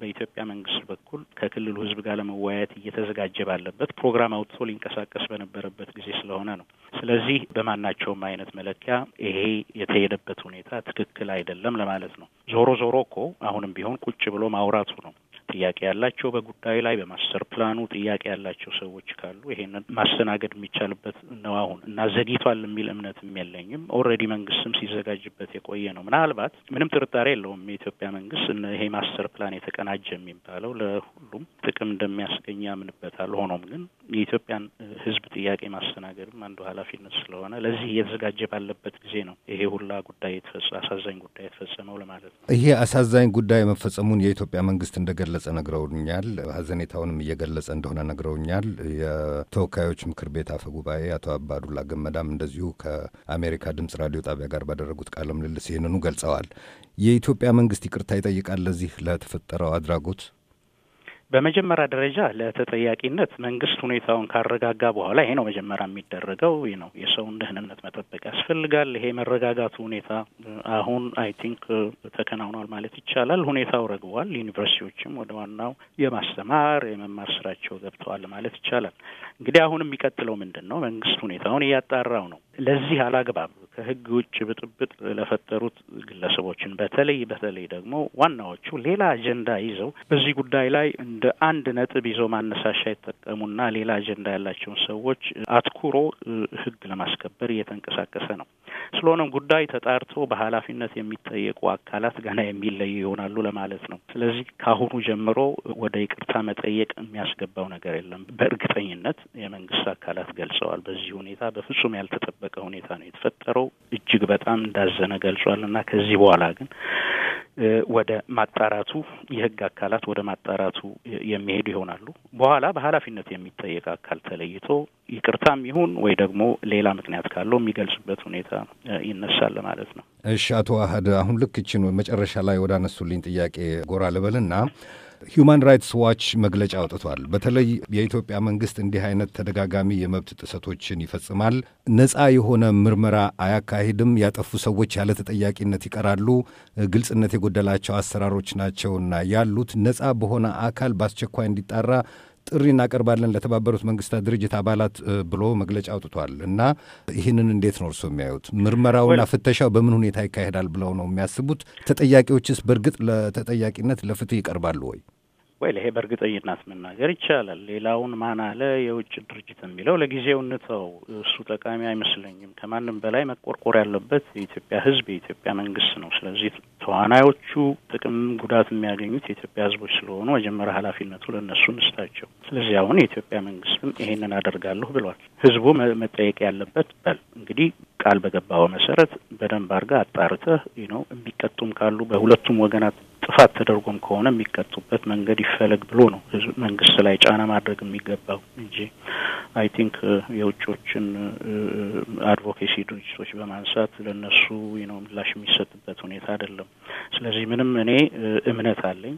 በኢትዮጵያ መንግስት በኩል ከክልሉ ህዝብ ጋር ለመወያየት እየተዘጋጀ ባለበት ፕሮግራም አውጥቶ ሊንቀሳቀስ በነበረበት ጊዜ ስለሆነ ነው። ስለዚህ በማናቸውም አይነት መለኪያ ይሄ የተሄደበት ሁኔታ ትክክል አይደለም ለማለት ነው። ዞሮ ዞሮ እኮ አሁንም ቢሆን ቁጭ ብሎ ማውራቱ ነው ጥያቄ ያላቸው በጉዳዩ ላይ በማስተር ፕላኑ ጥያቄ ያላቸው ሰዎች ካሉ ይሄንን ማስተናገድ የሚቻልበት ነው አሁን እና ዘግይቷል የሚል እምነትም የለኝም። ኦልሬዲ መንግስትም ሲዘጋጅበት የቆየ ነው። ምናልባት ምንም ጥርጣሬ የለውም የኢትዮጵያ መንግስት ይሄ ማስተር ፕላን የተቀናጀ የሚባለው ለሁሉም ጥቅም እንደሚያስገኝ ያምንበታል። ሆኖም ግን የኢትዮጵያን ህዝብ ጥያቄ ማስተናገድም አንዱ ኃላፊነት ስለሆነ ለዚህ እየተዘጋጀ ባለበት ጊዜ ነው ይሄ ሁላ ጉዳይ አሳዛኝ ጉዳይ የተፈጸመው ለማለት ነው። ይሄ አሳዛኝ ጉዳይ መፈጸሙን የኢትዮጵያ መንግስት እንደገለ እንደገለጸ ነግረውኛል። ሀዘኔታውንም እየገለጸ እንደሆነ ነግረውኛል። የተወካዮች ምክር ቤት አፈ ጉባኤ አቶ አባዱላ ገመዳም እንደዚሁ ከአሜሪካ ድምጽ ራዲዮ ጣቢያ ጋር ባደረጉት ቃለ ምልልስ ይህንኑ ገልጸዋል። የኢትዮጵያ መንግስት ይቅርታ ይጠይቃል ለዚህ ለተፈጠረው አድራጎት በመጀመሪያ ደረጃ ለተጠያቂነት መንግስት ሁኔታውን ካረጋጋ በኋላ ይሄ ነው መጀመሪያ የሚደረገው። ይህ ነው የሰውን ደህንነት መጠበቅ ያስፈልጋል። ይሄ መረጋጋቱ ሁኔታ አሁን አይ ቲንክ ተከናውኗል ማለት ይቻላል። ሁኔታው ረግቧል። ዩኒቨርሲቲዎችም ወደ ዋናው የማስተማር የመማር ስራቸው ገብተዋል ማለት ይቻላል። እንግዲህ አሁን የሚቀጥለው ምንድን ነው? መንግስት ሁኔታውን እያጣራው ነው። ለዚህ አላግባብ ከህግ ውጭ ብጥብጥ ለፈጠሩት ግለሰቦችን በተለይ በተለይ ደግሞ ዋናዎቹ ሌላ አጀንዳ ይዘው በዚህ ጉዳይ ላይ እንደ እንደ አንድ ነጥብ ይዘው ማነሳሻ የተጠቀሙና ሌላ አጀንዳ ያላቸውን ሰዎች አትኩሮ ህግ ለማስከበር እየተንቀሳቀሰ ነው። ስለሆነም ጉዳይ ተጣርቶ በኃላፊነት የሚጠየቁ አካላት ገና የሚለዩ ይሆናሉ ለማለት ነው። ስለዚህ ከአሁኑ ጀምሮ ወደ ይቅርታ መጠየቅ የሚያስገባው ነገር የለም። በእርግጠኝነት የመንግስት አካላት ገልጸዋል። በዚህ ሁኔታ በፍጹም ያልተጠበቀ ሁኔታ ነው የተፈጠረው። እጅግ በጣም እንዳዘነ ገልጿል እና ከዚህ በኋላ ግን ወደ ማጣራቱ የህግ አካላት ወደ ማጣራቱ የሚሄዱ ይሆናሉ። በኋላ በኃላፊነት የሚጠየቅ አካል ተለይቶ ይቅርታም ይሁን ወይ ደግሞ ሌላ ምክንያት ካለው የሚገልጽበት ሁኔታ ይነሳል ማለት ነው። እሺ፣ አቶ አህድ አሁን ልክ ይችን መጨረሻ ላይ ወዳነሱልኝ ጥያቄ ጎራ ልበልና ሁማን ራይትስ ዋች መግለጫ አውጥቷል። በተለይ የኢትዮጵያ መንግስት እንዲህ አይነት ተደጋጋሚ የመብት ጥሰቶችን ይፈጽማል፣ ነጻ የሆነ ምርመራ አያካሂድም፣ ያጠፉ ሰዎች ያለ ተጠያቂነት ይቀራሉ፣ ግልጽነት የጎደላቸው አሰራሮች ናቸውና ያሉት ነጻ በሆነ አካል በአስቸኳይ እንዲጣራ ጥሪ እናቀርባለን ለተባበሩት መንግስታት ድርጅት አባላት ብሎ መግለጫ አውጥቷል እና ይህንን እንዴት ነው እርስዎ የሚያዩት? ምርመራውና ፍተሻው በምን ሁኔታ ይካሄዳል ብለው ነው የሚያስቡት? ተጠያቂዎችስ በእርግጥ ለተጠያቂነት ለፍትህ ይቀርባሉ ወይ? ወይል ይሄ በእርግጠኝነት መናገር ይቻላል። ሌላውን ማን አለ የውጭ ድርጅት የሚለው ለጊዜው እንተው፣ እሱ ጠቃሚ አይመስለኝም። ከማንም በላይ መቆርቆር ያለበት የኢትዮጵያ ሕዝብ የኢትዮጵያ መንግስት ነው። ስለዚህ ተዋናዮቹ ጥቅም ጉዳት የሚያገኙት የኢትዮጵያ ሕዝቦች ስለሆኑ መጀመሪያ ኃላፊነቱ ለእነሱ እንስጣቸው። ስለዚህ አሁን የኢትዮጵያ መንግስትም ይሄንን አደርጋለሁ ብሏል። ሕዝቡ መጠየቅ ያለበት በል እንግዲህ ቃል በገባው መሰረት በደንብ አድርጋ አጣርተህ ነው የሚቀጡም ካሉ በሁለቱም ወገናት ጥፋት ተደርጎም ከሆነ የሚቀጡበት መንገድ ይፈለግ ብሎ ነው መንግስት ላይ ጫና ማድረግ የሚገባው እንጂ አይ ቲንክ የውጮችን አድቮኬሲ ድርጅቶች በማንሳት ለእነሱ ነው ምላሽ የሚሰጥበት ሁኔታ አይደለም። ስለዚህ ምንም እኔ እምነት አለኝ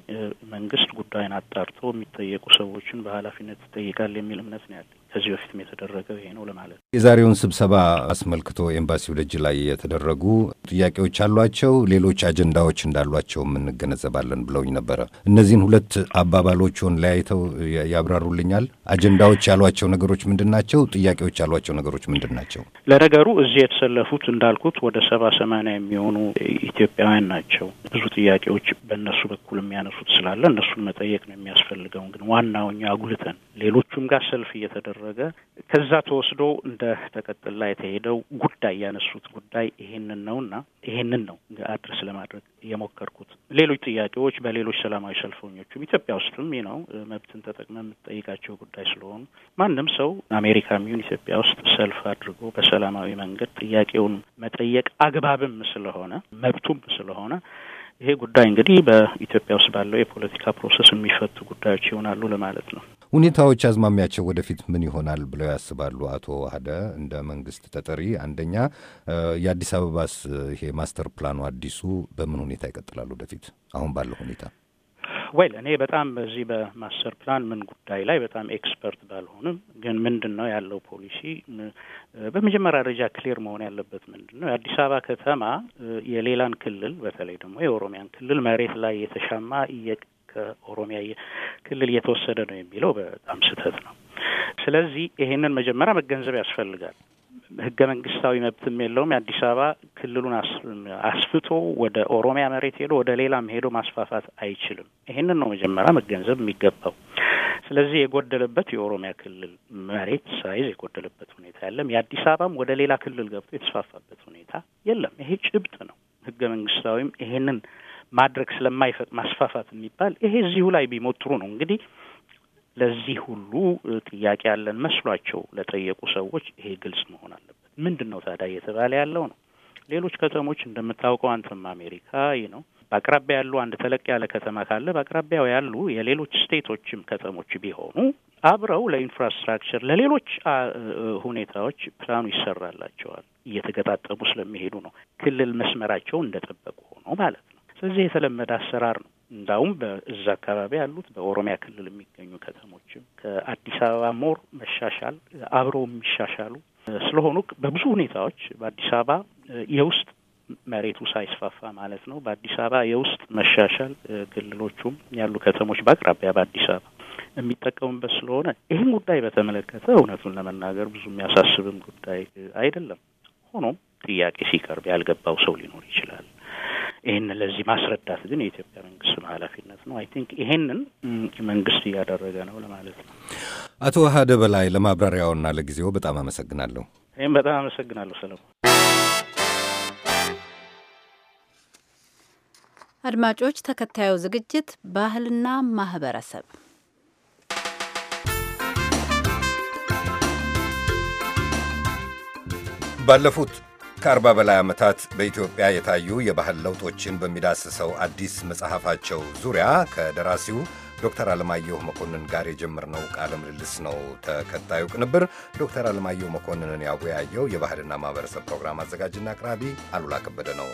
መንግስት ጉዳይን አጣርቶ የሚጠየቁ ሰዎችን በኃላፊነት ይጠይቃል የሚል እምነት ነው ያለኝ። ከዚህ በፊትም የተደረገው ይሄ ነው ለማለት ነው። የዛሬውን ስብሰባ አስመልክቶ ኤምባሲው ደጅ ላይ የተደረጉ ጥያቄዎች አሏቸው፣ ሌሎች አጀንዳዎች እንዳሏቸው እንገነዘባለን ብለውኝ ነበረ። እነዚህን ሁለት አባባሎችን ለያይተው ያብራሩልኛል። አጀንዳዎች ያሏቸው ነገሮች ምንድን ናቸው? ጥያቄዎች ያሏቸው ነገሮች ምንድን ናቸው? ለነገሩ እዚህ የተሰለፉት እንዳልኩት ወደ ሰባ ሰማንያ የሚሆኑ ኢትዮጵያውያን ናቸው። ብዙ ጥያቄዎች በእነሱ በኩል የሚያነሱት ስላለ እነሱን መጠየቅ ነው የሚያስፈልገው። ግን ዋናው እኛ አጉልተን ሌሎቹም ጋር ሰልፍ እየተደረገ እየተደረገ ከዛ ተወስዶ እንደ ተቀጥላ የተሄደው ጉዳይ ያነሱት ጉዳይ ይሄንን እና ይሄንን ነው አድረስ ለማድረግ የሞከርኩት። ሌሎች ጥያቄዎች በሌሎች ሰላማዊ ሰልፈኞቹም ኢትዮጵያ ውስጥም ነው መብትን ተጠቅመ የምትጠይቃቸው ጉዳይ ስለሆኑ ማንም ሰው አሜሪካ ይሁን ኢትዮጵያ ውስጥ ሰልፍ አድርጎ በሰላማዊ መንገድ ጥያቄውን መጠየቅ አግባብም ስለሆነ መብቱም ስለሆነ ይሄ ጉዳይ እንግዲህ በኢትዮጵያ ውስጥ ባለው የፖለቲካ ፕሮሰስ የሚፈቱ ጉዳዮች ይሆናሉ ለማለት ነው። ሁኔታዎች አዝማሚያቸው ወደፊት ምን ይሆናል ብለው ያስባሉ? አቶ ዋህደ እንደ መንግስት ተጠሪ፣ አንደኛ የአዲስ አበባስ ይሄ ማስተር ፕላኑ አዲሱ በምን ሁኔታ ይቀጥላል ወደፊት አሁን ባለው ሁኔታ? ወይል እኔ በጣም በዚህ በማስተር ፕላን ምን ጉዳይ ላይ በጣም ኤክስፐርት ባልሆንም፣ ግን ምንድን ነው ያለው ፖሊሲ በመጀመሪያ ደረጃ ክሊር መሆን ያለበት ምንድን ነው የአዲስ አበባ ከተማ የሌላን ክልል በተለይ ደግሞ የኦሮሚያን ክልል መሬት ላይ የተሻማ ከኦሮሚያ ክልል እየተወሰደ ነው የሚለው በጣም ስህተት ነው። ስለዚህ ይሄንን መጀመሪያ መገንዘብ ያስፈልጋል። ህገ መንግስታዊ መብትም የለውም። የአዲስ አበባ ክልሉን አስፍቶ ወደ ኦሮሚያ መሬት ሄዶ ወደ ሌላም ሄዶ ማስፋፋት አይችልም። ይሄንን ነው መጀመሪያ መገንዘብ የሚገባው። ስለዚህ የጎደለበት የኦሮሚያ ክልል መሬት ሳይዝ የጎደለበት ሁኔታ የለም። የአዲስ አበባም ወደ ሌላ ክልል ገብቶ የተስፋፋበት ሁኔታ የለም። ይሄ ጭብጥ ነው። ህገ መንግስታዊም ይሄንን ማድረግ ስለማይፈቅ ማስፋፋት የሚባል ይሄ እዚሁ ላይ ቢሞት ጥሩ ነው። እንግዲህ ለዚህ ሁሉ ጥያቄ ያለን መስሏቸው ለጠየቁ ሰዎች ይሄ ግልጽ መሆን አለበት። ምንድን ነው ታዲያ እየተባለ ያለው ነው። ሌሎች ከተሞች እንደምታውቀው አንተም አሜሪካ ይህ ነው በአቅራቢያ ያሉ አንድ ተለቅ ያለ ከተማ ካለ በአቅራቢያው ያሉ የሌሎች ስቴቶችም ከተሞች ቢሆኑ አብረው ለኢንፍራስትራክቸር ለሌሎች ሁኔታዎች ፕላኑ ይሰራላቸዋል። እየተገጣጠሙ ስለሚሄዱ ነው። ክልል መስመራቸው እንደጠበቁ ሆኖ ማለት ነው። ስለዚህ የተለመደ አሰራር ነው። እንዳውም በእዛ አካባቢ ያሉት በኦሮሚያ ክልል የሚገኙ ከተሞችም ከአዲስ አበባ ሞር መሻሻል አብረው የሚሻሻሉ ስለሆኑ በብዙ ሁኔታዎች በአዲስ አበባ የውስጥ መሬቱ ሳይስፋፋ ማለት ነው። በአዲስ አበባ የውስጥ መሻሻል ክልሎቹም ያሉ ከተሞች በአቅራቢያ በአዲስ አበባ የሚጠቀሙበት ስለሆነ ይህን ጉዳይ በተመለከተ እውነቱን ለመናገር ብዙ የሚያሳስብም ጉዳይ አይደለም። ሆኖም ጥያቄ ሲቀርብ ያልገባው ሰው ሊኖር ይችላል። ይህንን ለዚህ ማስረዳት ግን የኢትዮጵያ መንግስት ኃላፊነት ነው። አይ ቲንክ ይሄንን መንግስት እያደረገ ነው ለማለት ነው። አቶ ዋህደ በላይ ለማብራሪያውና ለጊዜው በጣም አመሰግናለሁ። ይህም በጣም አመሰግናለሁ ሰለሞን። አድማጮች፣ ተከታዩ ዝግጅት ባህልና ማህበረሰብ ባለፉት ከአርባ በላይ ዓመታት በኢትዮጵያ የታዩ የባህል ለውጦችን በሚዳስሰው አዲስ መጽሐፋቸው ዙሪያ ከደራሲው ዶክተር አለማየሁ መኮንን ጋር የጀመርነው ቃለ ምልልስ ነው ተከታዩ ቅንብር። ዶክተር አለማየሁ መኮንንን ያወያየው የባህልና ማህበረሰብ ፕሮግራም አዘጋጅና አቅራቢ አሉላ ከበደ ነው።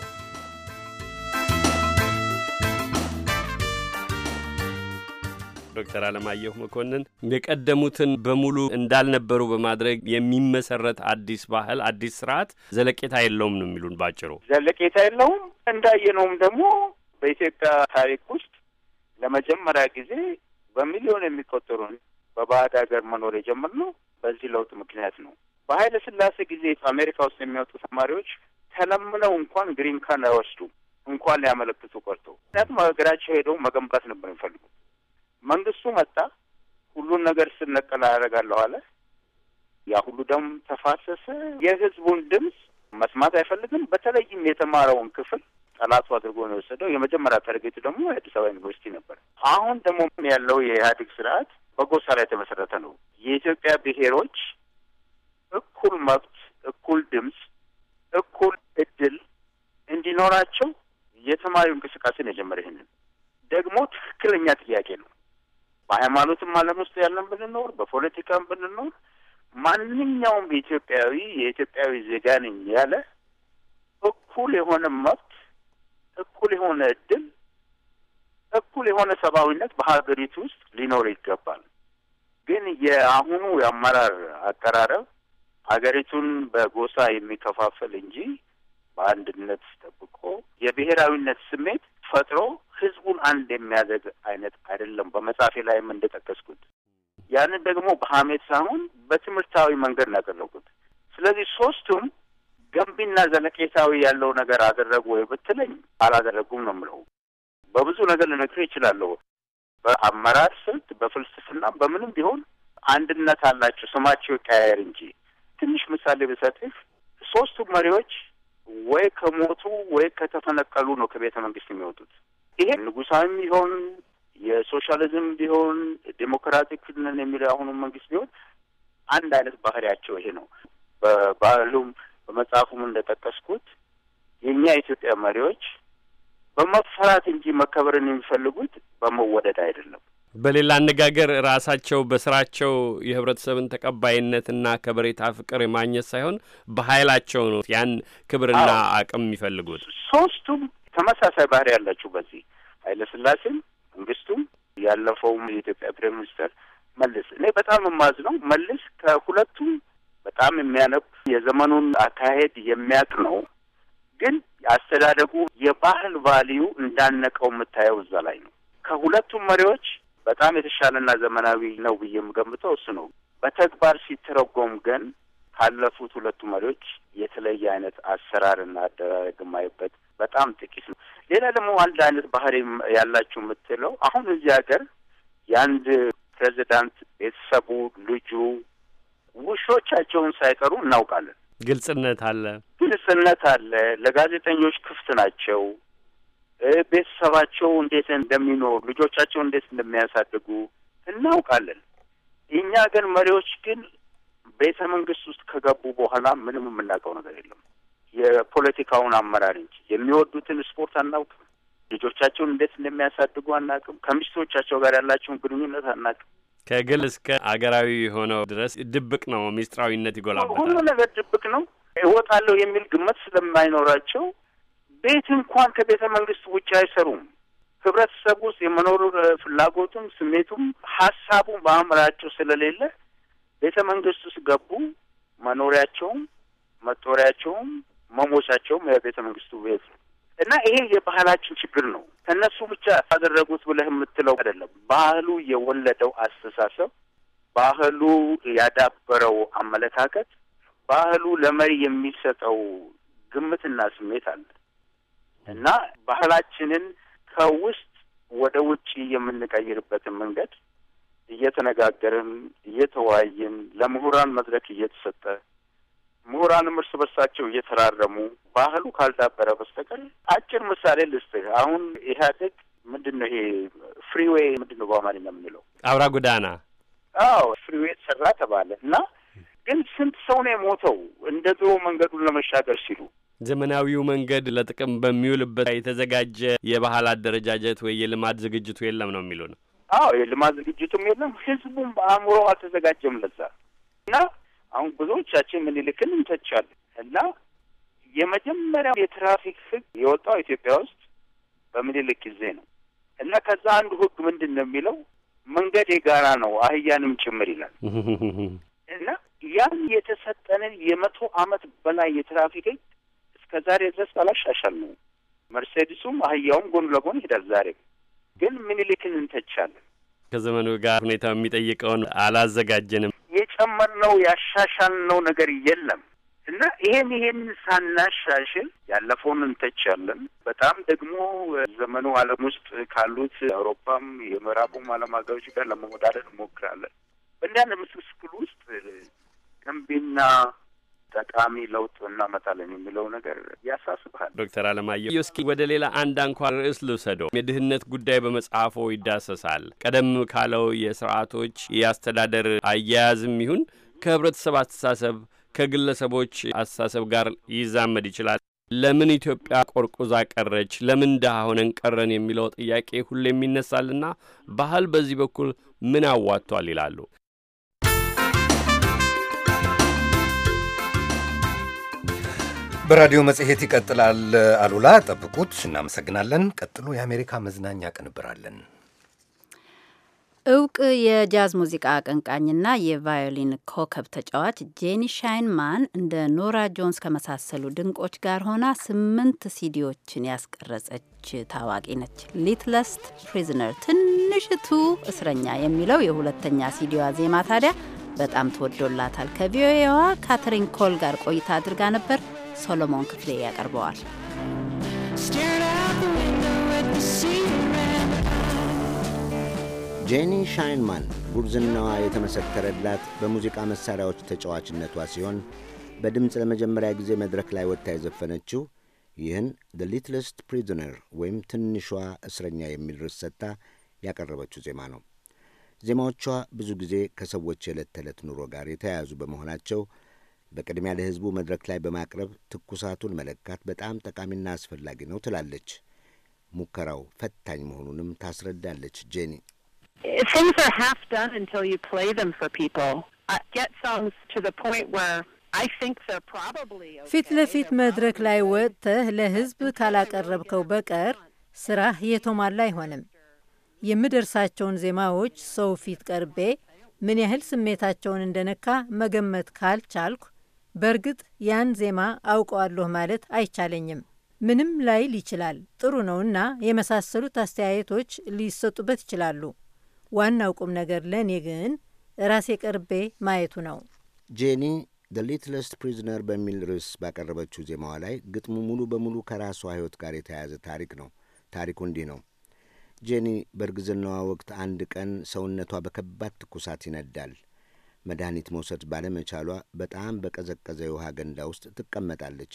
ዶክተር አለማየሁ መኮንን የቀደሙትን በሙሉ እንዳልነበሩ በማድረግ የሚመሰረት አዲስ ባህል፣ አዲስ ስርዓት ዘለቄታ የለውም ነው የሚሉን ባጭሩ። ዘለቄታ የለውም እንዳየነውም ደግሞ በኢትዮጵያ ታሪክ ውስጥ ለመጀመሪያ ጊዜ በሚሊዮን የሚቆጠሩን በባዕድ ሀገር መኖር የጀመርነው በዚህ ለውጥ ምክንያት ነው። በኃይለ ስላሴ ጊዜ አሜሪካ ውስጥ የሚወጡ ተማሪዎች ተለምነው እንኳን ግሪን ካርድ አይወስዱ እንኳን ሊያመለክቱ ቀርቶ ምክንያቱም ሀገራቸው ሄደው መገንባት ነበር የሚፈልጉት። መንግስቱ መጣ፣ ሁሉን ነገር ስነቀል አደርጋለሁ አለ። ያ ሁሉ ደም ተፋሰሰ። የህዝቡን ድምፅ መስማት አይፈልግም። በተለይም የተማረውን ክፍል ጠላቱ አድርጎ ነው የወሰደው። የመጀመሪያ ታርጌቱ ደግሞ የአዲስ አበባ ዩኒቨርሲቲ ነበር። አሁን ደግሞ ያለው የኢህአዴግ ስርዓት በጎሳ ላይ የተመሰረተ ነው። የኢትዮጵያ ብሔሮች እኩል መብት፣ እኩል ድምፅ፣ እኩል እድል እንዲኖራቸው የተማሪው እንቅስቃሴ ነው የጀመረ። ይህንን ደግሞ ትክክለኛ ጥያቄ ነው። በሃይማኖትም ዓለም ውስጥ ያለን ብንኖር በፖለቲካም ብንኖር ማንኛውም ኢትዮጵያዊ የኢትዮጵያዊ ዜጋ ነኝ ያለ እኩል የሆነ መብት፣ እኩል የሆነ እድል፣ እኩል የሆነ ሰብአዊነት በሀገሪቱ ውስጥ ሊኖር ይገባል። ግን የአሁኑ የአመራር አቀራረብ ሀገሪቱን በጎሳ የሚከፋፈል እንጂ በአንድነት ጠብቆ የብሔራዊነት ስሜት ፈጥሮ ህዝቡን አንድ የሚያደርግ አይነት አይደለም። በመጽሐፌ ላይም እንደጠቀስኩት ያንን ደግሞ በሀሜት ሳይሆን በትምህርታዊ መንገድ ነው ያቀረብኩት። ስለዚህ ሶስቱም ገንቢና ዘለቄታዊ ያለው ነገር አደረጉ ወይ ብትለኝ አላደረጉም ነው የምለው። በብዙ ነገር ልነግርህ እችላለሁ። በአመራር ስልት፣ በፍልስፍና፣ በምንም ቢሆን አንድነት አላቸው። ስማቸው ይቀያየር እንጂ ትንሽ ምሳሌ ብሰጥህ ሶስቱ መሪዎች ወይ ከሞቱ ወይ ከተፈነቀሉ ነው ከቤተ መንግስት የሚወጡት። ይሄ ንጉሳዊም ቢሆን የሶሻሊዝም ቢሆን ዴሞክራቲክ ነን የሚለው አሁኑም መንግስት ቢሆን አንድ አይነት ባህሪያቸው ይሄ ነው። በባህሉም በመጽሐፉም እንደጠቀስኩት የእኛ ኢትዮጵያ መሪዎች በመፈራት እንጂ መከበርን የሚፈልጉት በመወደድ አይደለም። በሌላ አነጋገር ራሳቸው በስራቸው የህብረተሰብን ተቀባይነትና ከበሬታ ፍቅር የማግኘት ሳይሆን በኃይላቸው ነው ያን ክብርና አቅም የሚፈልጉት ሶስቱም ተመሳሳይ ባህሪ ያላችሁ በዚህ ኃይለስላሴም መንግስቱም ያለፈውም የኢትዮጵያ ፕሬም ሚኒስተር መልስ እኔ በጣም የማዝ ነው ከሁለቱም በጣም የሚያነብ የዘመኑን አካሄድ የሚያውቅ ነው። ግን አስተዳደጉ የባህል ቫሊዩ እንዳነቀው የምታየው እዛ ላይ ነው። ከሁለቱም መሪዎች በጣም የተሻለና ዘመናዊ ነው ብዬ የምገምተው እሱ ነው። በተግባር ሲተረጎም ግን ካለፉት ሁለቱ መሪዎች የተለየ አይነት አሰራርና አደራረግ የማይበት በጣም ጥቂት ነው። ሌላ ደግሞ አንድ አይነት ባህሪ ያላችሁ የምትለው አሁን እዚህ ሀገር የአንድ ፕሬዚዳንት ቤተሰቡ፣ ልጁ፣ ውሾቻቸውን ሳይቀሩ እናውቃለን። ግልጽነት አለ፣ ግልጽነት አለ። ለጋዜጠኞች ክፍት ናቸው። ቤተሰባቸው እንዴት እንደሚኖሩ፣ ልጆቻቸው እንዴት እንደሚያሳድጉ እናውቃለን። እኛ ግን መሪዎች ግን ቤተ መንግስት ውስጥ ከገቡ በኋላ ምንም የምናውቀው ነገር የለም። የፖለቲካውን አመራር እንጂ የሚወዱትን ስፖርት አናውቅም። ልጆቻቸውን እንዴት እንደሚያሳድጉ አናውቅም። ከሚስቶቻቸው ጋር ያላቸውን ግንኙነት አናውቅም። ከግል እስከ አገራዊ የሆነው ድረስ ድብቅ ነው። ሚስጥራዊነት ይጎላል። ሁሉ ነገር ድብቅ ነው። እወጣለሁ የሚል ግምት ስለማይኖራቸው ቤት እንኳን ከቤተ መንግስት ውጭ አይሰሩም። ህብረተሰብ ውስጥ የመኖሩ ፍላጎቱም ስሜቱም ሀሳቡም በአእምራቸው ስለሌለ ቤተ መንግስት ውስጥ ገቡ። መኖሪያቸውም መጦሪያቸውም መሞቻቸውም ቤተ መንግስቱ ቤት ነው እና ይሄ የባህላችን ችግር ነው። ከእነሱ ብቻ ያደረጉት ብለህ የምትለው አይደለም። ባህሉ የወለደው አስተሳሰብ፣ ባህሉ ያዳበረው አመለካከት፣ ባህሉ ለመሪ የሚሰጠው ግምትና ስሜት አለ እና ባህላችንን ከውስጥ ወደ ውጭ የምንቀይርበትን መንገድ እየተነጋገርን እየተወያየን ለምሁራን መድረክ እየተሰጠ ምሁራንም እርስ በርሳቸው እየተራረሙ ባህሉ ካልዳበረ በስተቀር አጭር ምሳሌ ልስጥህ። አሁን ኢህአዴግ ምንድን ነው ይሄ ፍሪዌይ ምንድን ነው በአማርኛ የምንለው? አብራ ጎዳና። አዎ ፍሪዌይ ተሰራ ተባለ እና ግን ስንት ሰው ነው የሞተው እንደ ድሮ መንገዱን ለመሻገር ሲሉ ዘመናዊው መንገድ ለጥቅም በሚውልበት የተዘጋጀ የባህል አደረጃጀት ወይ የልማት ዝግጅቱ የለም ነው የሚሉ ነው። አዎ የልማት ዝግጅቱም የለም፣ ህዝቡም በአእምሮ አልተዘጋጀም ለዛ እና አሁን ብዙዎቻችን ምኒልክን እንተቻለን እና የመጀመሪያ የትራፊክ ህግ የወጣው ኢትዮጵያ ውስጥ በምኒልክ ጊዜ ነው እና ከዛ አንዱ ህግ ምንድን ነው የሚለው መንገድ የጋራ ነው አህያንም ጭምር ይላል እና ያን የተሰጠንን የመቶ አመት በላይ የትራፊክ ህግ እስከ ዛሬ ድረስ አላሻሻል ነው። መርሴዲሱም አህያውም ጎን ለጎን ይሄዳል። ዛሬ ግን ምኒልክን እንተቻለን። ከዘመኑ ጋር ሁኔታ የሚጠይቀውን አላዘጋጀንም። የጨመርነው ያሻሻልነው ነገር የለም እና ይሄን ይሄን ሳናሻሽል ያለፈውን እንተቻለን። በጣም ደግሞ ዘመኑ ዓለም ውስጥ ካሉት የአውሮፓም የምዕራቡም ዓለም ሀገሮች ጋር ለመወዳደር እንሞክራለን። በእንዲህ ምስክል ውስጥ ገንቢና ጠቃሚ ለውጥ እናመጣለን የሚለው ነገር ያሳስብሃል። ዶክተር አለማየሁ እስኪ ወደ ሌላ አንድ አንኳር ርዕስ ልውሰደው። የድህነት ጉዳይ በመጽሐፎ ይዳሰሳል። ቀደም ካለው የስርዓቶች የአስተዳደር አያያዝም ይሁን ከህብረተሰብ አስተሳሰብ ከግለሰቦች አስተሳሰብ ጋር ይዛመድ ይችላል። ለምን ኢትዮጵያ ቆርቁዛ ቀረች? ለምን ድሀ ሆነን ቀረን? የሚለው ጥያቄ ሁሌም ይነሳልና ባህል በዚህ በኩል ምን አዋጥቷል ይላሉ። በራዲዮ መጽሔት ይቀጥላል። አሉላ ጠብቁት። እናመሰግናለን። ቀጥሎ የአሜሪካ መዝናኛ ቅንብራለን። እውቅ የጃዝ ሙዚቃ አቀንቃኝና የቫዮሊን ኮከብ ተጫዋች ጄኒ ሻይንማን እንደ ኖራ ጆንስ ከመሳሰሉ ድንቆች ጋር ሆና ስምንት ሲዲዎችን ያስቀረጸች ታዋቂ ነች። ሊትለስት ፕሪዝነር ትንሽቱ እስረኛ የሚለው የሁለተኛ ሲዲዋ ዜማ ታዲያ በጣም ተወዶላታል። ከቪኦኤዋ ካትሪን ኮል ጋር ቆይታ አድርጋ ነበር። ሶሎሞን ክፍሌ ያቀርበዋል። ጄኒ ሻይንማን ጉብዝናዋ የተመሰከረላት በሙዚቃ መሣሪያዎች ተጫዋችነቷ ሲሆን በድምፅ ለመጀመሪያ ጊዜ መድረክ ላይ ወጥታ የዘፈነችው ይህን ዘ ሊትልስት ፕሪዝነር ወይም ትንሿ እስረኛ የሚል ርዕስ ሰጥታ ያቀረበችው ዜማ ነው። ዜማዎቿ ብዙ ጊዜ ከሰዎች የዕለት ተዕለት ኑሮ ጋር የተያያዙ በመሆናቸው በቅድሚያ ለሕዝቡ መድረክ ላይ በማቅረብ ትኩሳቱን መለካት በጣም ጠቃሚና አስፈላጊ ነው ትላለች። ሙከራው ፈታኝ መሆኑንም ታስረዳለች ጄኒ uh, ፊት ለፊት መድረክ ላይ ወጥተህ ለሕዝብ ካላቀረብከው በቀር ስራህ የተሟላ አይሆንም። የምደርሳቸውን ዜማዎች ሰው ፊት ቀርቤ ምን ያህል ስሜታቸውን እንደነካ መገመት ካልቻልኩ በእርግጥ ያን ዜማ አውቀዋለሁ ማለት አይቻለኝም። ምንም ላይል ይችላል፣ ጥሩ ነውና የመሳሰሉት አስተያየቶች ሊሰጡበት ይችላሉ። ዋናው ቁም ነገር ለእኔ ግን ራሴ ቀርቤ ማየቱ ነው። ጄኒ ደ ሊትለስት ፕሪዝነር በሚል ርዕስ ባቀረበችው ዜማዋ ላይ ግጥሙ ሙሉ በሙሉ ከራሷ ሕይወት ጋር የተያያዘ ታሪክ ነው። ታሪኩ እንዲህ ነው። ጄኒ በእርግዝናዋ ወቅት አንድ ቀን ሰውነቷ በከባድ ትኩሳት ይነዳል። መድኃኒት መውሰድ ባለመቻሏ በጣም በቀዘቀዘ የውሃ ገንዳ ውስጥ ትቀመጣለች።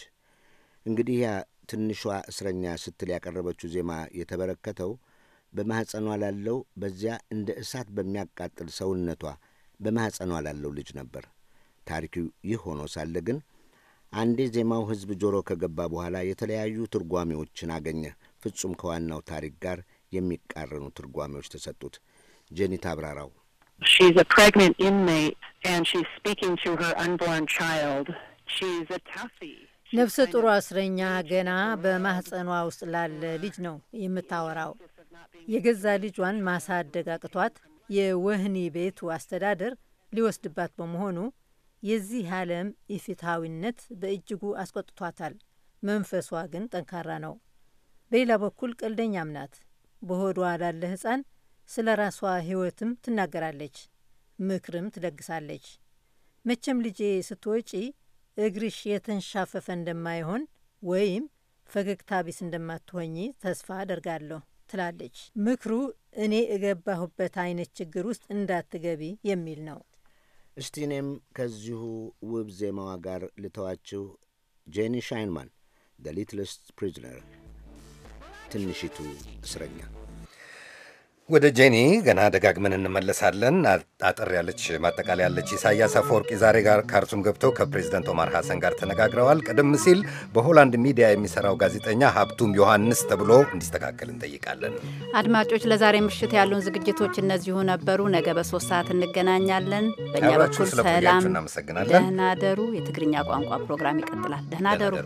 እንግዲህ ያ ትንሿ እስረኛ ስትል ያቀረበችው ዜማ የተበረከተው በማኅፀኗ ላለው በዚያ እንደ እሳት በሚያቃጥል ሰውነቷ በማኅፀኗ ላለው ልጅ ነበር። ታሪኩ ይህ ሆኖ ሳለ ግን አንዴ ዜማው ሕዝብ ጆሮ ከገባ በኋላ የተለያዩ ትርጓሜዎችን አገኘ። ፍጹም ከዋናው ታሪክ ጋር የሚቃረኑ ትርጓሜዎች ተሰጡት። ጄኒት አብራራው She's a pregnant inmate and she's speaking to her unborn child. She's a toughie. ነፍሰ ጡሩ እስረኛ ገና በማህፀኗ ውስጥ ላለ ልጅ ነው የምታወራው። የገዛ ልጇን ማሳደግ አቅቷት የወህኒ ቤቱ አስተዳደር ሊወስድባት በመሆኑ የዚህ ዓለም ኢፍትሐዊነት በእጅጉ አስቆጥቷታል። መንፈሷ ግን ጠንካራ ነው። በሌላ በኩል ቀልደኛም ናት። በሆዷ ላለ ሕፃን ስለ ራሷ ሕይወትም ትናገራለች፣ ምክርም ትለግሳለች። መቼም ልጄ ስትወጪ እግርሽ የተንሻፈፈ እንደማይሆን ወይም ፈገግታ ቢስ እንደማትሆኚ ተስፋ አደርጋለሁ ትላለች። ምክሩ እኔ እገባሁበት አይነት ችግር ውስጥ እንዳትገቢ የሚል ነው። እስቲ እኔም ከዚሁ ውብ ዜማዋ ጋር ልተዋችሁ። ጄኒ ሻይንማን ዘ ሊትልስት ፕሪዝነር፣ ትንሽቱ እስረኛ ወደ ጄኒ ገና ደጋግመን እንመለሳለን። አጠር ያለች ማጠቃለያ ያለች። ኢሳያስ አፈወርቂ ዛሬ ጋር ካርቱም ገብተው ከፕሬዚደንት ኦማር ሐሰን ጋር ተነጋግረዋል። ቀደም ሲል በሆላንድ ሚዲያ የሚሰራው ጋዜጠኛ ሀብቱም ዮሐንስ ተብሎ እንዲስተካከል እንጠይቃለን። አድማጮች፣ ለዛሬ ምሽት ያሉን ዝግጅቶች እነዚሁ ነበሩ። ነገ በሶስት ሰዓት እንገናኛለን። በእኛ በኩል ሰላም፣ ደህና ደሩ። የትግርኛ ቋንቋ ፕሮግራም ይቀጥላል። ደህና ደሩ።